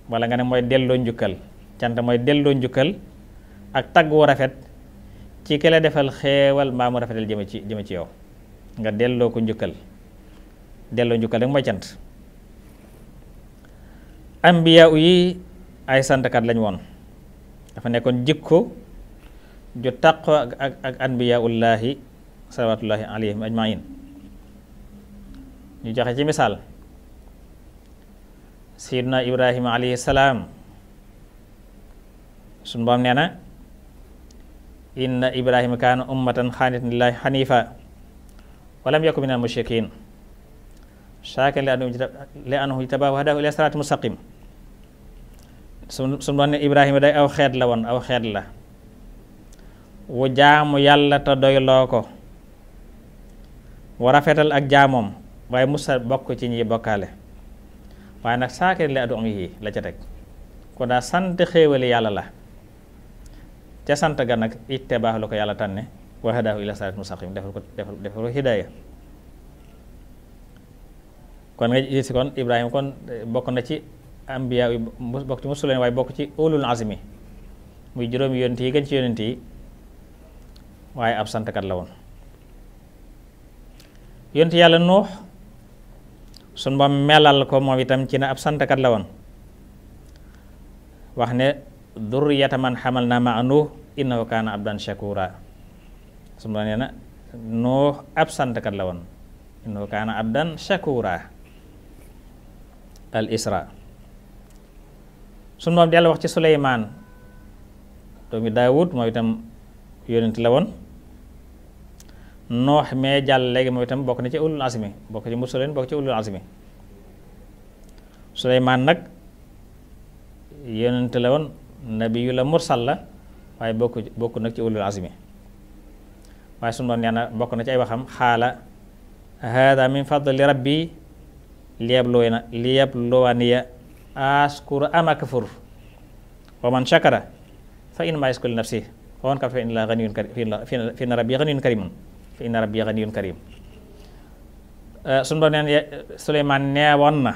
wala nga ne mooy delloo njukkal cant mooy delloo njukkal ak tagg woo rafet ci ki defal xeewal mbaamu mu rafetal jëme ci jëme ci yow nga delloo ko njukkal delloo njukkal rek mooy cant ambiya yi ay santkat lañ woon dafa nekkoon jikko ju taqoo ak ak ak anbiyaullahi salawatullahi alayhim ajmain ñu joxe ci misaal sayiduna ibrahima alayhi salaam suñu boom nee na inna ibrahima kaana ummatan xaanitan lillahi xanifa walam yaku min al mushrikin shaakan li anhu ijtabaahu hadahu ila siraati mustaqim suñu boom ne ibrahima day aw xeet la woon aw xeet la wu jaamu yàlla te doyloo ko wa ak jaamom waaye musa bokk ci ñiy bokkaale waaye nag saakari li addu am yii la ca teg ko daa sant xéewali yàlla la ca sant ga nag itte baax la ko yàlla tànne wa hadaahu ila siraat mustaqim defal ko defal defal ko hidaaya kon nga gis kon Ibrahima kon bokk na ci ambiya yi bokk ci musuleen waaye bokk ci ulul azmi muy juróom yonent yi gën ci yonent yi waaye ab santkat la woon yonent yàlla Nuux sun ba melal ko moom itam ci ne ab santkat la woon wax ne durriyata man xamal na ma nuux innahu kaana abdan shakura sun ba nee na nuux ab santkat la woon innahu kaana abdan shakura isra sun moom dellu wax ci suleymaan doomi daawud moom itam yónent la woon noox mee jàll léegi moom itam bokk na ci ulul azmi bokk ci mursalin bokk ci ulul suleymaan nag yonent la woon nabiyu la waaye bokk bokku nag ci ulul azmi waaye sunu doon nee bokk na ci ay waxam xaala hada min fadli rabbi liyabluwana liyabluwaniya askuru am akfur wa man shakara fa in ma yaskul nafsi wa man kafara fa inna rabbi ganiyun karimun fa inna rabbi ganiyun karim eh, sunu doon neen eh, Suleymaan neewoon na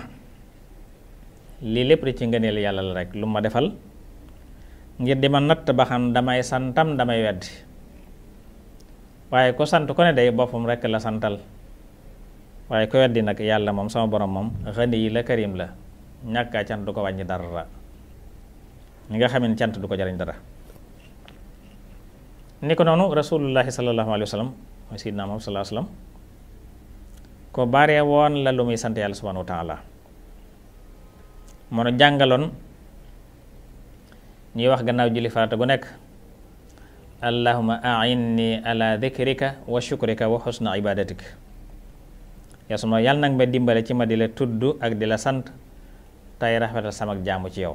lii lépp di ci ngëneel yàlla la rek lu ma defal ngir di ma natt ba xam damay santam damay weddi waaye ku sant ku ne day boppam rek la santal waaye ku weddi nag yàlla moom sama borom moom xëni yi la karim la ñàkkaa cant du ko wàññi dara ñi nga xam cant du ko jariñ dara ni ko noonu rasulullahi sallallahu alayhi wa mooy Seydina Muhammad sallallahu alayhi wa sallam ko bare woon la lu muy sant yàlla subhanahu wa taala moonu jàngaloon ñuy wax gannaaw julli farata gu nekk allahuma ainni ala dikrika wa shukrika wa xusna ibadatik yaa suma yàlla nag ma dimbale ci ma di la tudd ak di la sant tey rafetal sama jàmm ci yow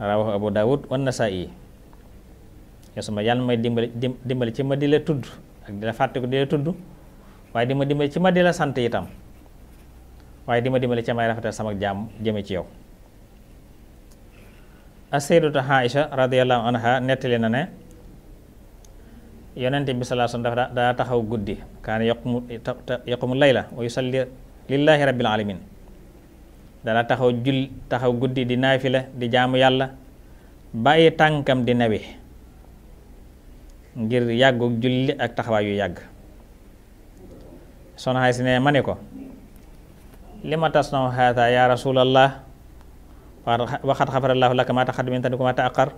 rawahu abu dawud wa nasaa'i yow sama yàlla may dimbali dimbali ci ma di la tudd ak di la fàtte ko di la tudd waaye di ma dimbali ci ma di la sant itam waaye di ma dimbali ci may rafetal sama jaam jëme ci yow as-sayyidatu Aïcha radiyallahu anha nettali na ne yonente bi sallallahu dafa daa taxaw guddi kaana yaqumu yaqumu layla wa yusalli lillahi rabbil alamin dana taxaw jul taxaw guddi di naafila di jaamu yàlla bàyyi tànkam di nawi ngir yàggu julli ak taxawaay yu yàgg soxna Aysa ne ma ne ko li ma tas na xaata yaa rasuulallah waxat xafarallahu laka ma taqaddama min dhanbika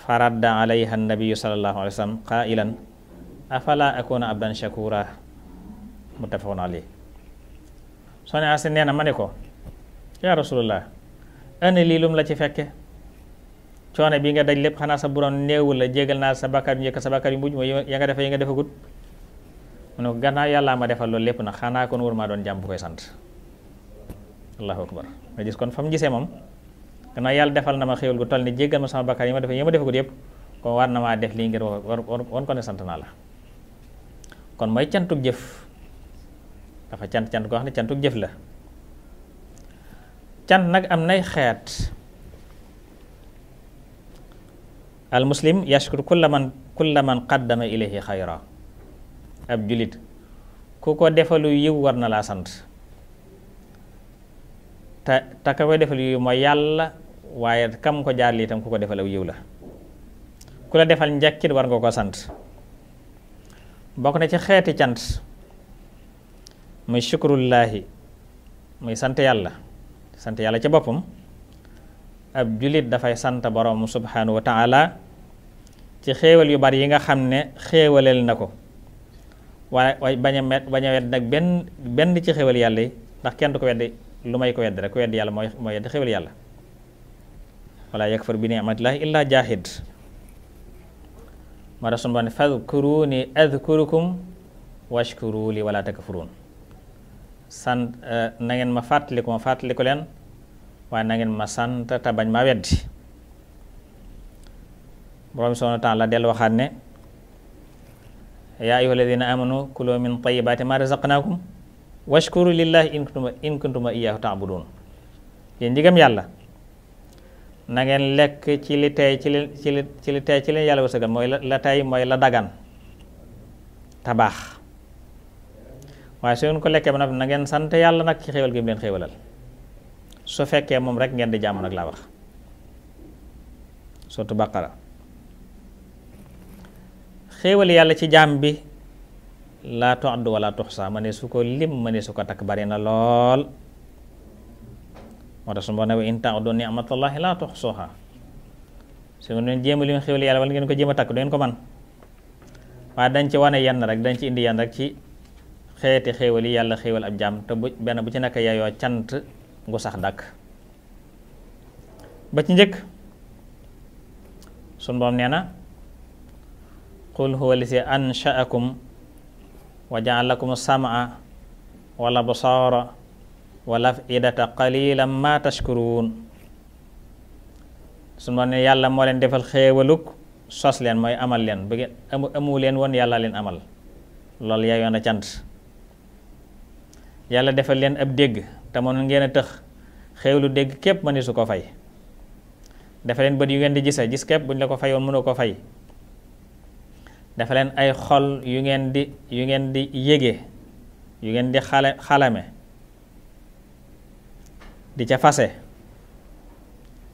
fa radda alayha an-nabiyyu sallallahu alayhi wa sallam qaa'ilan afala akuna abdan shakura muttafaqun alayh soxna Aysa nee na ma ne ko yaa rasuulallah ana lii la ci fekke coono bi nga daj lépp xanaa sa borom néewul la jégal naa sa bakkaar yu njëkk sa bakkaar yu mujj mooy ya nga defe yi nga defagut mu ne ko gannaaw yàllaa ma defal loolu lépp na xanaa kon war maa doon jàmm bu koy sant allahu akbar kon fa gisee moom gannaaw yàlla defal na ma xéwal gu toll ni jégal ma sama bakkaar yi ma defe yi ma defagut yëpp kon na maa def lii ngir war won ko ne sant naa la kon mooy cantu jëf dafa cant cant koo xam ne cantug jëf la cant nag am nay xeet al muslim yashkur kulla man kulla man qaddama ilayhi xayra ab julit ku ko defalu yiw war na laa sant te te ka koy defalu yiw mooy yàlla waaye kam ko jaar lii itam ku ko defal aw yiw la ku la defal njëkkit war nga ko sant bokk na ci xeeti cant muy shukrullaahi muy sant yàlla sant yàlla ci boppam ab julit dafay sant borom subhanahu wa taala ci xéewal yu bari yi nga xam ne xéewaleel na ko waaye waaye bañ a met bañ wedd nag benn benn ci xéewal yàlla yi ndax kenn du ko weddi lu may ko wedd rek ku wedd yàlla mooy mooy wedd xéewal yàlla wala yakfur bi ni'matillahi illa jaahid ma rasul ba ne fadkuruni adkurukum washkuru li wala takfurun sant euh, na ngeen ma fàttaliku ma fàttaliku leen waaye nangeen ma sant te bañ ma weddi borom subhaanahu wa taala del waxaat ne yaa ayyuha alladina amanu kulu min tayibaati ma razaqnaakum washkuru lillahi in kuntum in kuntum bu doon yéen njigam yàlla na ngeen lekk ci li tey ci li ci li ci li tey ci leen yàlla wërsëgal mooy la tey mooy la dagan tabaax waaye su ngeen ko lekkee ba nag na ngeen yàlla nag ci xéewal gi mu leen xéewalal su fekkee moom rek ngeen di jaamu nag laa wax surtout baqara xéewal yàlla ci jaam bi laa tu'addu wala tuxsa ma ne su ko lim ma ne su ko takk bari na lool moo tax su ma ne in ta'uddu ni'matallahi laa tuxsuha su ngeen jéem a lim xéewal yàlla wala ko jéem a takk du ko man waaye dañ ci wane yenn rek dañ ci indi yenn rek ci xeeti xéewal yi yàlla xéewal ab jaam te bu benn bu ci nekk yaayoo cant ngu sax dàkk ba ci njëkk sun nee na qul huwa allazi ansha'akum wa ja'ala lakum as-sam'a wal absara wal af'idata qalilan ma tashkurun sun boom yàlla moo leen defal xéewaluk sos leen mooy amal leen bu amu amu woon yàlla leen amal loolu yaayoon a cant yàlla defal leen ab dégg te mënoon ngeen a tëx xéewlu dégg képp mëni su ko fay dafa leen bët yu ngeen di gise gis képp ñu la ko fayoon mënoo ko fay dafa leen ay xol yu ngeen di yu ngeen di yége yu ngeen di xale xalame di ca fase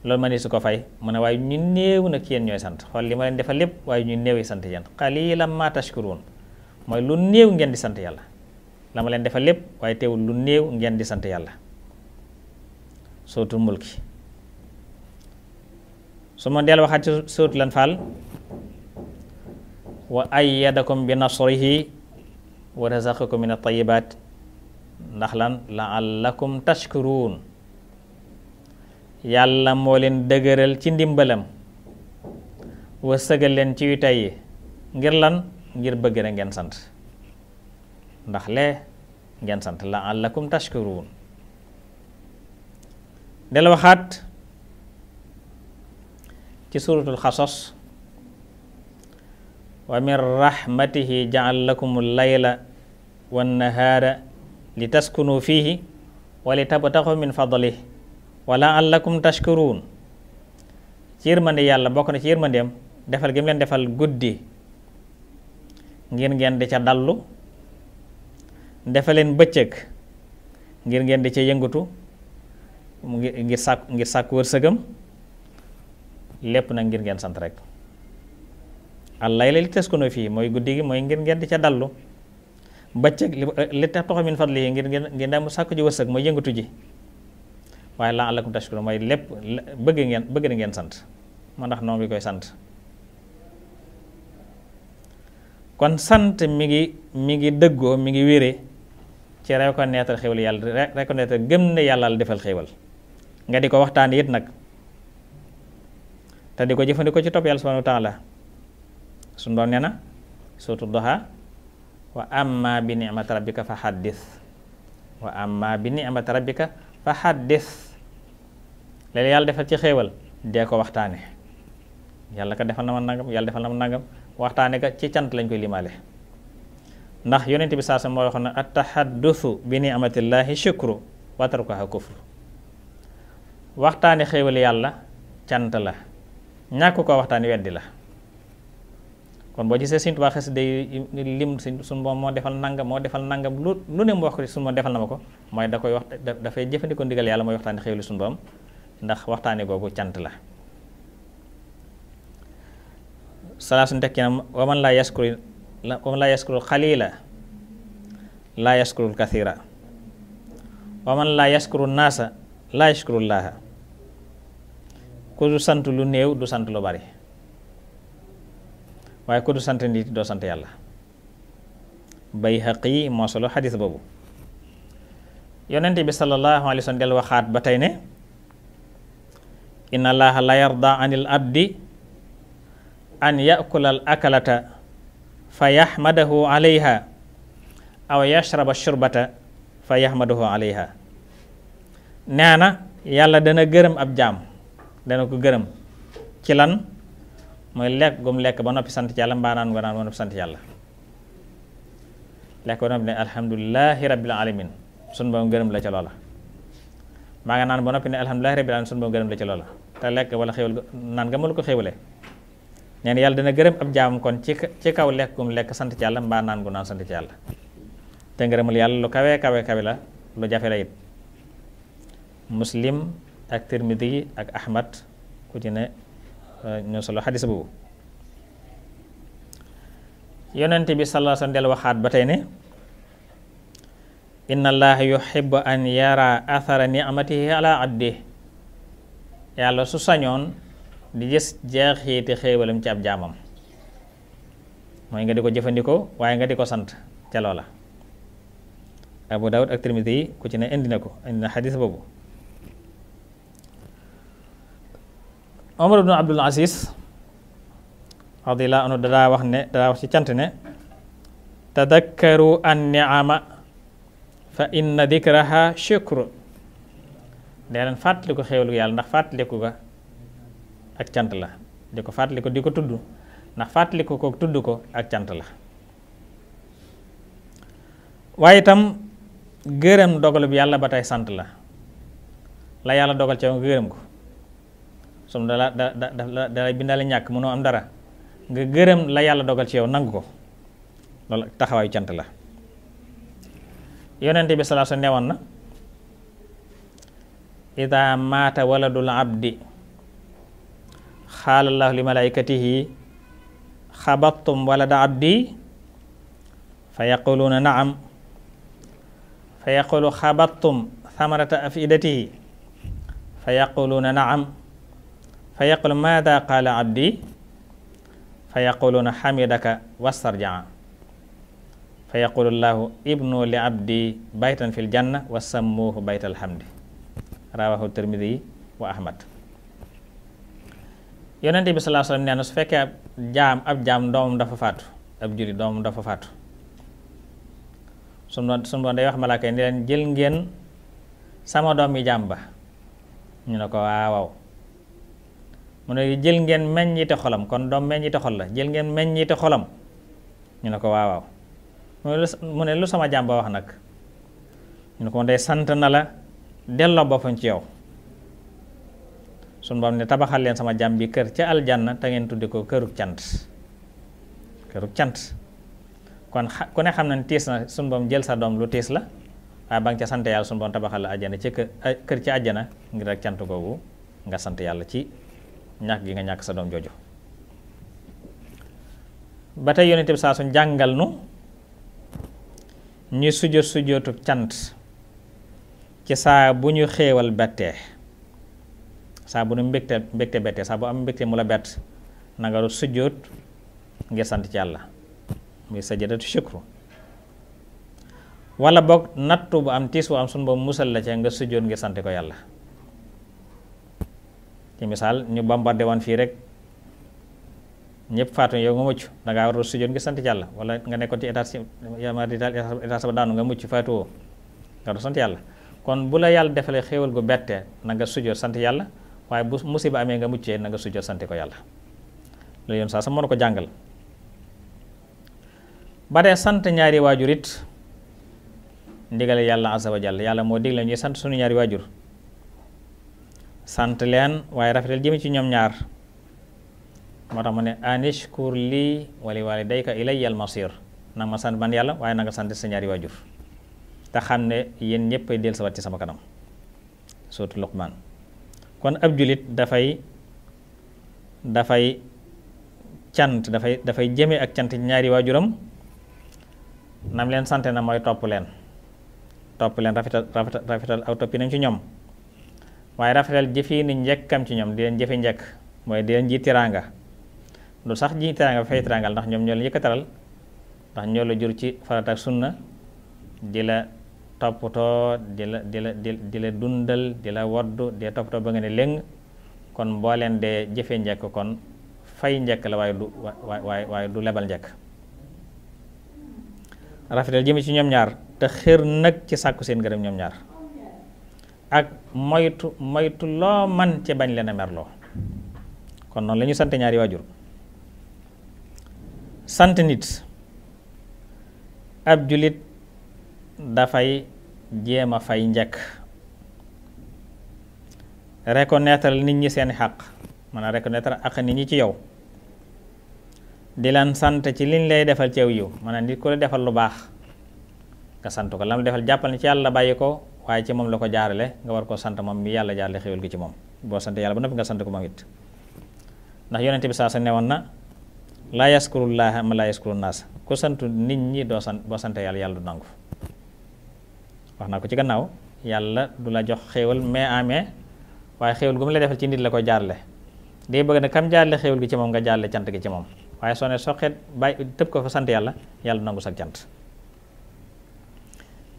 loolu mëni su ko fay mu ne waaye ñu néew nag yeen ñooy sant xol li ma leen defal lépp waaye ñu néew yi sant yéen qalilan ma tashkurun mooy lu néew ngeen di sant yàlla la leen defal lépp waaye teewul lu néew ngeen di sant yàlla sootul mulki su ma del waxaat ci sootul anfaal wa ayyadakum bi nasrihi wa razaqakum min at-tayyibaat ndax lan la'allakum tashkuruun yàlla moo leen dëgëral ci ndimbalam wa sëgal leen ci yu tey ngir lan ngir bëgg na ngeen sant ndax lee ngeen sant la àllakum tashkuruun del waxaat ci suuratul xasas wa min raxmatihi jacal lakum allayla wannahaara li taskunu fiihi wa li tabtaxu min fadlih wa laallakum tashkuruun ci yërmande yàlla bokk na ci yërmandeem defal gi mu leen defal guddi ngir ngeen di ca dallu defa leen bëccëg ngir ngeen di ci yëngatu ngir sàkk ngir sàkk wërsëgam lépp nag ngir ngeen sant rek allay la li tes ko no fii mooy guddi gi mooy ngir ngeen di ca dallu bëccëg li tax toxo min fadli yi ngir ngeen ngeen mu sàkku ji wërsëg mooy yëngatu ji waaye la alakum tashkuru mooy lépp bëgg ngeen bëgg na ngeen sant ma ndax noonu bi koy sant kon sant mi ngi mi ngi dëggoo mi ngi wéree ci reconnaître xéwal yàlla reconnaître gëm ne yàlla la defal xéwal nga di ko waxtaan it nag te di ko jëfandikoo ci topp yàlla subhanahu wa taala suñu doon nee na surtout doxa wa amma bi ni'mati rabbika fa xaddis wa amma bi ni'mati rabbika fa xaddis léegi yàlla defal ci xéewal dee ko waxtaane yàlla ko defal na ma nangam yàlla defal na ma nangam waxtaane ka ci cant lañ koy limaale ndax yonent bi saa sa moo waxoon ne attaxaddusu bi ni'matillahi shukru wa ak kufru waxtaane xéewal yàlla cant la ñàkk ko waxtaane weddi la kon boo gisee Sëñ Tuubaa xes day lim suñ moom moo defal nangam moo defal nangam lu lu ne mu wax ko suñ defal na ma ko mooy da koy wax dafay jëfandikoo ndigal yàlla mooy waxtaane xéewali suñ ndax waxtaane googu cant la salaa suñ tekki na waman laa yaskuri ومن لا يشكر قليلا لا يشكر الكثيرا ومن لا يشكر الناس لا يشكر الله ku du sant lu néew du sant lu bari waaye ku du sant nit doo sant yàlla Bayhaqi moo solo xadis boobu yonente bi sallallahu alayhi wa sallam del waxaat ba tey ne inna allaha la yarda an yakula al akalata fa yaxmadahu alayha aw yashraba shurbata fa yaxmadahu alayha nee yàlla dana gërëm ab jaam dana ko gërëm ci lan mooy lekk mu lekk ba noppi sant yàlla mbaa naan nga naan ba noppi sant yàlla lekk ba noppi ne alhamdulilahi rabbil alamin sun boom gërëm la ca loola maa nga naan ba noppi ne alhamdulilahi rabbil alamin sun boom gërëm la ca loola te lekk wala xéwal naan nga ma lu ko xéwalee nee yàlla dina gërëm ab jaamam kon ci ci kaw lekkum lekk sant ci yàlla mbaa naan gu naan sant ci yàlla te ngërëmul yàlla lu kawe kawe kawe la lu jafe la it muslim ak tirmidi ak ahmad ku ci ne eh, ñoo solo xadis boobu yonent bi sallallahu alayhi del waxaat ba tey ne inna allaha yuhibbu an yara athara ni'matihi ala abdi yàlla su sañoon di gis jeexiiti xéewalam ci ab jaamam mooy nga di ko jëfandikoo waaye nga di ko sant ca loola Abu Dawud ak Tirmidhi yi ku ci ne indi na ko indi na xadis boobu Omar ibn Abdul Aziz radiyallahu anhu dadaa wax ne dadaa wax ci cant ne tadakkaru an niama fa inna dikraha shukru dee leen fàttaliku xéewalu yàlla ndax fàttaliku ga ak cant la di ko fàttali ko di ko tudd ndax fàttali ko kook tudd ko ak cant la waaye itam gërëm dogalub yàlla ba tey sant la la yàlla dogal ca nga gërëm ko su da da da da bindaale ñàkk mënoo am dara nga gërëm la yàlla dogal ci yow nangu ko loolu taxawaayu cant la yonente bi sallallahu alayhi wa sallam newoon na ida maata waladul abdi xaala llaahu li malaikatihi xabattum walada abdi fa yaquluuna naam fa yaqulu xabattum thamarata afidatihi fa yaquluuna naam fa yaqulu maada qaala abdi fa yaquluuna xamidaka wastarjaa fa yaqulu llaahu ibnu li abdi baytan fi ljanna wa sammuuhu bayt alhamdi rawahu tirmidi wa ahmad yonente bi sallallahu alayhi wasallam nee na su fekkee ab jaam ab jaam doomam dafa faatu ab juri doomam dafa faatu sunu doon sunu doon day wax malaaka yi ni leen jël ngeen sama doom yi jaam ba ñu ne ko ah, waaw mu ne jël ngeen meññite xolam kon doom meññite xol la jël ngeen meññite xolam ñu ne ko ah, waaw mu ne lu sama jaam ba wax nag ñu ne ko day sant na la delloo boppam ci yow suñu borom ne tabaxal leen sama jàmm bi kër ca aljanna te ngeen tudde ko këruk cant këruk cant kon ku ne xam na ne tiis na suñu borom jël sa doom lu tiis la waaye ba nga ca sant yàlla suñu borom tabaxal la àjjana ci kër ci àjjana ngir ak cant googu nga sant yàlla ci ñax gi nga ñàkk sa doom jooju ba te yonent bi saa suñ jàngal nu ñuy sujjóot sujjóotu cant ci saa bu ñu xéewal bettee saa bu nu mbégte mbégte bette saa bu am mbégte mu la bett na nga sujjóot ngir sant ci yàlla muy sajadatu shukru wala boog nattu bu am tiis bu am sun ba musal la ca nga sujjóot ngir sant ko yàlla ci ñu bombardé woon fii rek ñëpp faatuñ yow nga mucc da ngaa war a sujjóot ngir sant yàlla wala nga nekkoon ci état si état daanu nga mucc faatuwoo nga doon sant yàlla kon bu la yàlla defalee xéewal gu bette na sujjóot sant yàlla waaye bu musiba amee nga muccee nanga nga sujjoot sante ko yàlla loolu yoon saa sa mënu ko jàngal ba dee sant ñaari waajur it ndigale yàlla azza wa jalla yàlla moo digle ñuy sant sunu ñaari waajur sant leen waaye rafetal jëme ci ñoom ñaar moo tax ma ne anishkur lii wali walidayka ilayya almasir nanga ma sant man yàlla waaye nanga sant sa ñaari waajur te xam ne yéen ñëpp ay del sa wat ci sama kanam sootu kon ab julit dafay dafay cant dafay dafay jëme ak cant ci ñaari waajuram nam leen sante na mooy topp leen topp leen rafetal rafetal aw toppinam ci ñoom waaye rafetal jëfi ni njëkkam ci ñoom di leen jëfi njëkk mooy di leen ji tiraanga lu sax ji tiraanga ba fay tiraangal ndax ñoom ñoo la yëkkatal ndax ñoo la jur ci farata ak sunna di la toppatoo di la di la di la dundal di la waddu di toppatoo ba nga ne léng kon boo leen dee jëfe njëkk kon fay njëkk la waaye du waaye waaye du lebal njëkk rafetal jëme ci ñoom ñaar te xër nag ci sàkku seen gërëm ñoom ñaar ak moytu moytu loo man ci bañ leen a merloo kon noonu la sant ñaari waajur sant nit ab julit dafay jéem a fay njëkk reconnaître nit ñi seen xaq maanaam reconnaître ak nit ñi ci yow di leen sant ci liñ lay defal ci yow yiw na nit ku la defal lu baax nga sant ko lam defal jàppal ni ci yàlla bàyyi ko waaye ci moom la ko jaarale nga war koo sant moom mi yàlla jaarale xéwal gi ci moom boo sant yàlla ba noppi nga sant ko moom it ndax yonent bi saa sa newoon na laa yaskurullaaha ma laa yaskuru naas ku sant nit ñi doo sant boo sant yàlla yàlla du nangu wax naa ko ci gannaaw yàlla du la jox xéewal mais amee waaye xéewal gu mu la defal ci nit la koy jaarle day bëgg na kam jaarle xéewal gi ci moom nga jaarle cant gi ci moom waaye soo ne soxeet bàyyi tëb ko fa sant yàlla yàlla nangu sax cant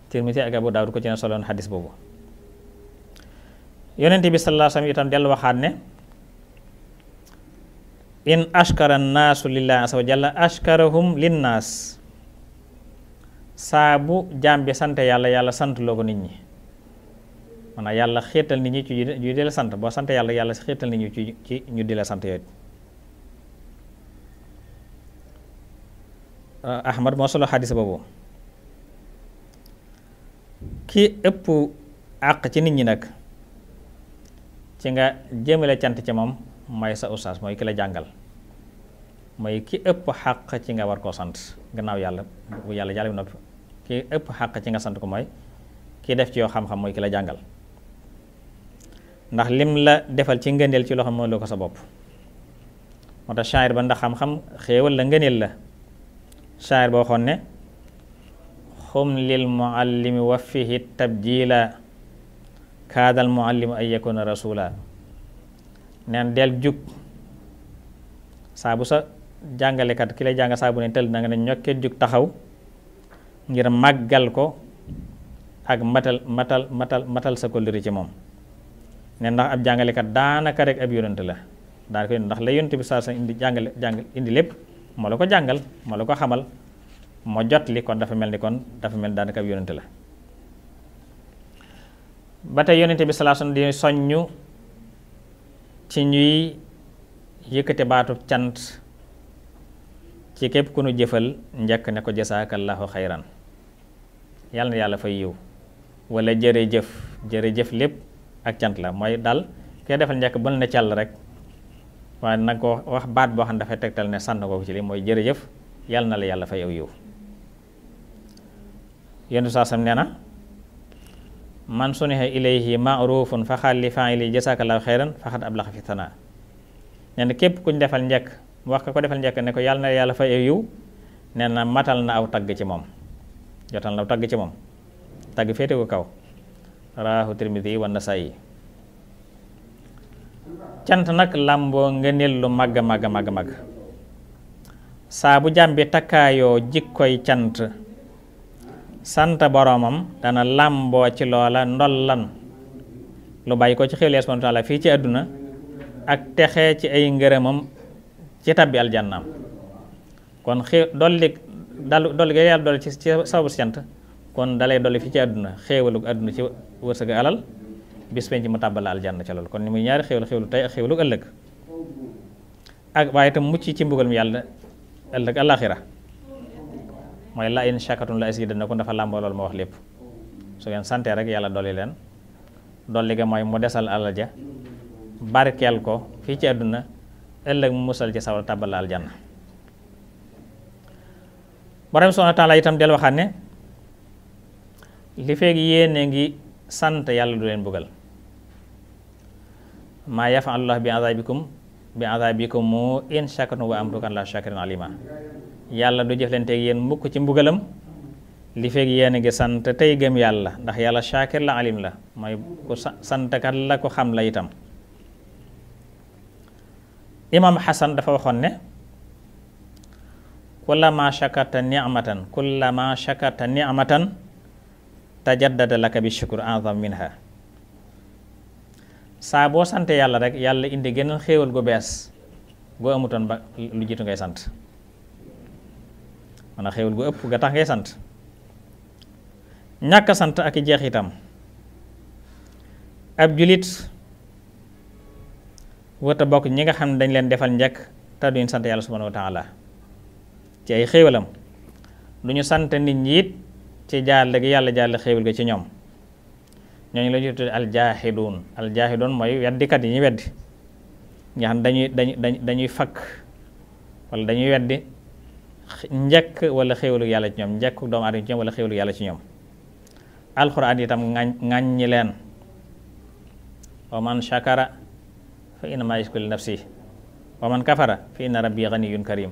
Tirmisi ak Abu Daawud ko ci ne soloon xadis boobu yonent bi sallallahu itam dellu waxaat ne in ashkara annaasu lillahi azza wa jalla ashkarahum linnaas saa bu jaam bi sante yàlla yàlla sant loo ko nit ñi maanaam yàlla xéetal nit ñi ci ñu di la sant boo sante yàlla yàlla xéetal nit ñi ci ci ñu di la sant yooyu ah, ahmad moo solo xadis boobu ki ëpp àq ci nit ñi nag ci nga jëmale cant ci moom may sa ustaas mooy ki la jàngal mooy ki ëpp xàq ci nga war koo sant gannaaw yàlla bu yàlla jàll bi noppi ki ëpp xàq ci nga sant ko mooy ki def ci yoo xam-xam mooy ki la jàngal ndax lim la defal ci ngëneel ci loo xam loo ko sa bopp moo tax shaayir ba ndax xam-xam xéewal la ngëneel la shaayir boo xoon ne xum lil muallimi wa fihi tabjila kaadal muallimu ay yakuna rasula neen del jug saabu sa jàngalekat ki lay jàng saa bu ne tëll na nga ne ñokkee jug taxaw ngir màggal ko ak matal matal matal matal sa kóllëre ci moom ne ndax ab jàngalekat daanaka rek ab yonent la daanaka yonent ndax la bi saa sa jàng indi lépp moo la ko jàngal moo ko xamal moo jot dafa mel ni dafa mel daanaka ab yonent la ba te yonent bi salaa son di soññu ci ñuy yëkkate baatu cant ci képp ku nu jëfal njëkk ne ko jasaakallaahu xayran yàlla na yàlla fay yiw wala jërëjëf jërëjëf lépp ak cant la mooy dal kee defal njëkk bu ne càll rek waaye nag ko wax baat boo xam ne dafay tegtal ne sànn ko ci li mooy jërëjëf yàlla na la yàlla fay yiw yentu saa sam man suniha ilayhi ma'rufun fa xalli fa'ili jazakallahu xayran faqad ablaxa fi sana nee na képp defal njëkk wax ko ko defal njëkk ne ko yàlla na yàlla fay yiw nee na matal na aw tagg ci moom jotal na tagg ci moom tagg féete ko kaw raaxu tirmidi wa nasaayi cant nag làmboo ngëneel lu màgg mag màgg màgg saa bu jàmbi takkaayoo jikkoy cant sant boroomam dana làmboo ci loola ndollan lu bàyyi ko ci xéwlee subhaanahu wa fii ci àdduna ak texe ci ay ngërëmam ci tabbi aljannaam kon xi dollik dalu dolli ga yàlla dolli ci ci sababu si cant kon dalay dolli fi ci àdduna xéewalug àdduna ci wërsëg alal bis penc mu tàbbal la aljanna ca loolu kon ni muy ñaari xéewal xéewalu tey ak xéewalug ëllëg ak mucc ci mbugal mi yàlla ëllëg alaxira mooy la in shakatum la asidannakum dafa làmboo loolu wax lépp su ngeen rek yàlla dolli leen dolli ga mooy mu desal alal ja barkeel ko fii ci àdduna ëllëg mu musal ci sawar tàbbal la aljanna borom subhaanahu wa taala itam del waxaat ne li feeg yéene ngi sant yàlla du leen bëggal maa yafalullah bi azabikum bi azabikum mu in shakartum wa amruka la shakirin alima yàlla du jëflanteeg yéen mukk ci mbugalam li feeg yéen a ngi sant tey gëm yàlla ndax yàlla shaakir la alim la mooy ku santkat la ko xam la itam imam Xasan dafa waxoon ne kullama shakarta ni'matan kullama shakarta ni'matan tajaddada laka bi shukr azam minha saa boo sante yàlla rek yàlla indi geneen xéewal gu bees goo amutoon ba lu jiitu ngay sant man a xéewal gu ëpp ga tax ngay sant ñàkk sant ak jeex itam ab julit wërta bokk ñi nga xam ne dañ leen defal njëkk te duñ sant yàlla subhanahu wa ci ay xéewalam du ñu sant nit ñi it ci jaarle gi yàlla jàll xéewal ga ci ñoom ñooñu la ñuy tuddee aljaahiduun aljaahiduun mooy weddikat yi ñuy weddi nga xam dañuy dañuy dañuy fakk wala dañuy weddi njëkk wala xéewalu yàlla ci ñoom njëkk doomu aadama ci ñoom wala xéewalu yàlla ci ñoom alxuraan itam ŋañ ŋaññi leen wa man shakara fa innamaa yashkuru li nafsihi wa man kafara fa inna rabbii ganiyyun karim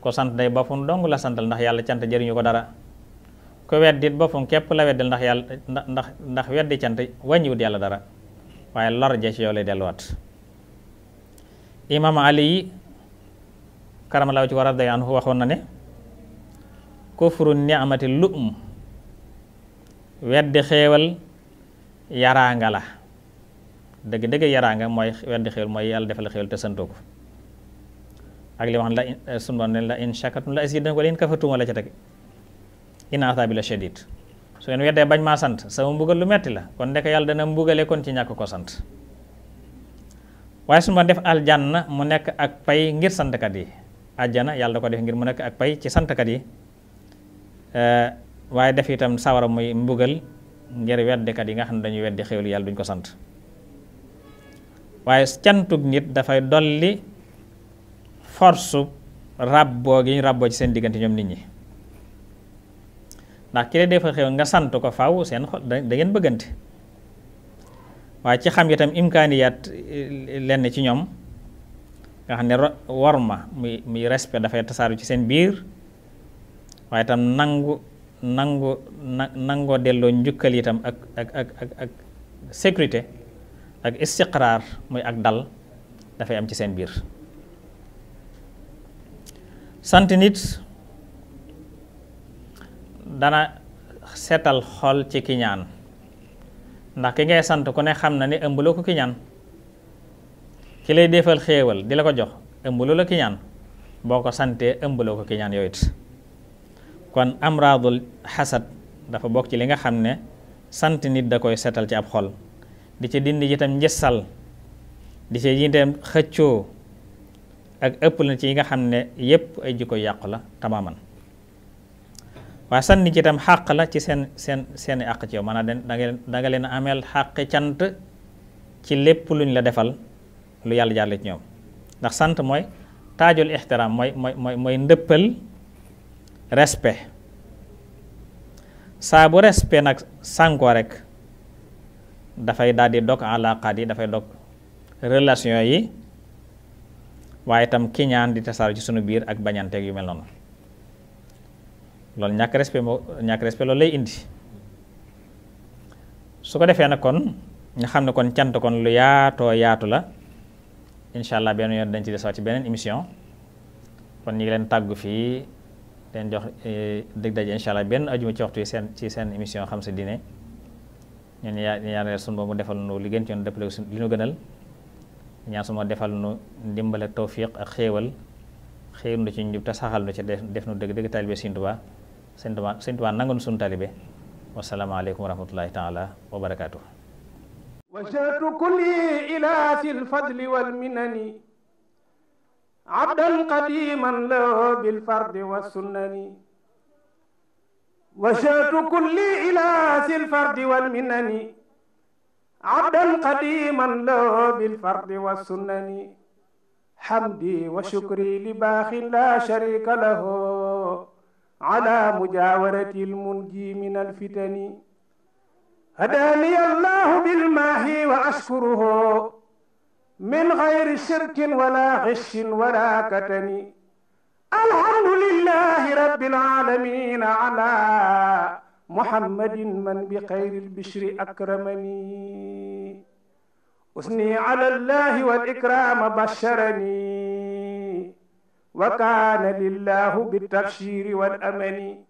ko sant day bafun dong la santal ndax yàlla cant jariñu ko dara ku weddit bafun képp la weddal ndax yàlla ndax ndax weddi cant wàññiwut yàlla dara waaye lor ja ci yow lay delluwaat imaam ali yi karamalaaw ci war a day anhu waxoon na ne kufru ni'mati lu'um weddi xéewal yaraanga la dëgg dëgg yaraanga mooy weddi xéewal mooy yàlla defal xéewal te santoo ak li wax la eh, sunu borom ne la in shakartum la azidannakum wa la in kafartum la ca teg inna azaabi la shadiid su ngeen weddee bañ maa sant sama mbugal lu metti la kon ndeke yàlla dana mbugale kon ci ñàkk ko sant waaye sunu borom def aljanna mu nekk ak pay ngir santkat yi aljanna yàlla ko def ngir mu nekk ak pay ci santkat yi eh, waaye def itam sawara muy mbugal ngir weddikat yi nga xam ne dañuy weddi xéwlu yàlla duñ ko sant nit dafay dolli force ràbboo gi ràbboo ci seen diggante ñoom nit ñi ndax ki leen defal xew nga sant ko faw seen xol da ngeen bëggante waaye ci xam itam imkaaniyaat eh, lenn ci ñoom nga xam ne war ma muy muy respect dafay tasaaru ci seen biir waaye itam nangu nangu na delloo njukkal itam ak ak ak ak ak sécurité ak istiqraar muy ak dal dafay am ci seen biir sant nit dana seetal xol ci kiñaan ndax ki ngay sant ku ne xam na ni ëmb lu ko kiñaan ki lay defal xéewal di la ko jox ëmb lu la kiñaan boo ko santee ëmb lu ko kiñaan yooyu it kon amraadul xasad dafa bokk ci li nga xam ne sant nit da koy seetal ci ab xol di ci dindi itam njësal di ci itam xëccoo ak ëpp na ci yi nga xam ne yépp ay jikko yàqu la tamaman waaye sànni jiitam itam xàq la ci seen seen seeni àq ci yow maanaam da nga leen ameel xàqi cant ci lépp luñ la defal lu yàlla jaarle ñoom ndax sant mooy taajul ixtiraam mooy mooy mooy ndëppal respe saa bu respect nag sànkoo rek dafay daal di dog àlaqaat yi dafay dog relation yi waaye itam kiñaan di tasaaru ci suñu biir ak bañanteeg yu mel noonu loolu ñàkk respect moo ñàkk respect loolu lay indi su ko defee nag kon nga xam ne kon cant kon lu yaatoo yaatu la incha allah benn yoon dañ ci desaat ci beneen émission kon ñu leen tàggu fii leen jox eh, dëgg daje benn ajuma ci waxtu yi seen ci seen émission xam sa diine ñun yaa ñaanal sunu boobu mu defal nu li gën ci yoon dëppale li nu gënal ñaan suma defal nu ndimbal ak tawfiq ak xéewal xéer nu ci njub saxal nu ci def nu dëgg dëgg taalibe Sëñ Tuubaa nangu nu sunu taalibe wassalaamu aleykum wa rahmatullahi taala wa barakaatuh وجهت كلي إلى ذي الفضل والمنن عبدا قديما له بالفرد والسنن وجهت abdan qadiman lahu bilfardi wassunnani hamdi wa shukri li baaxin la sharika lahu ala mujawarati almunji min alfitani hadani allahu bilmaahi wa ashkuruhu min gayri shirkin wala xishin wala katani alhamdulillahi rabbil alamin ala muhammadin man bi xayril bishri akramani usni ala allahi wal ikrama basharani wa kaana lillahu bitabshiri wal amani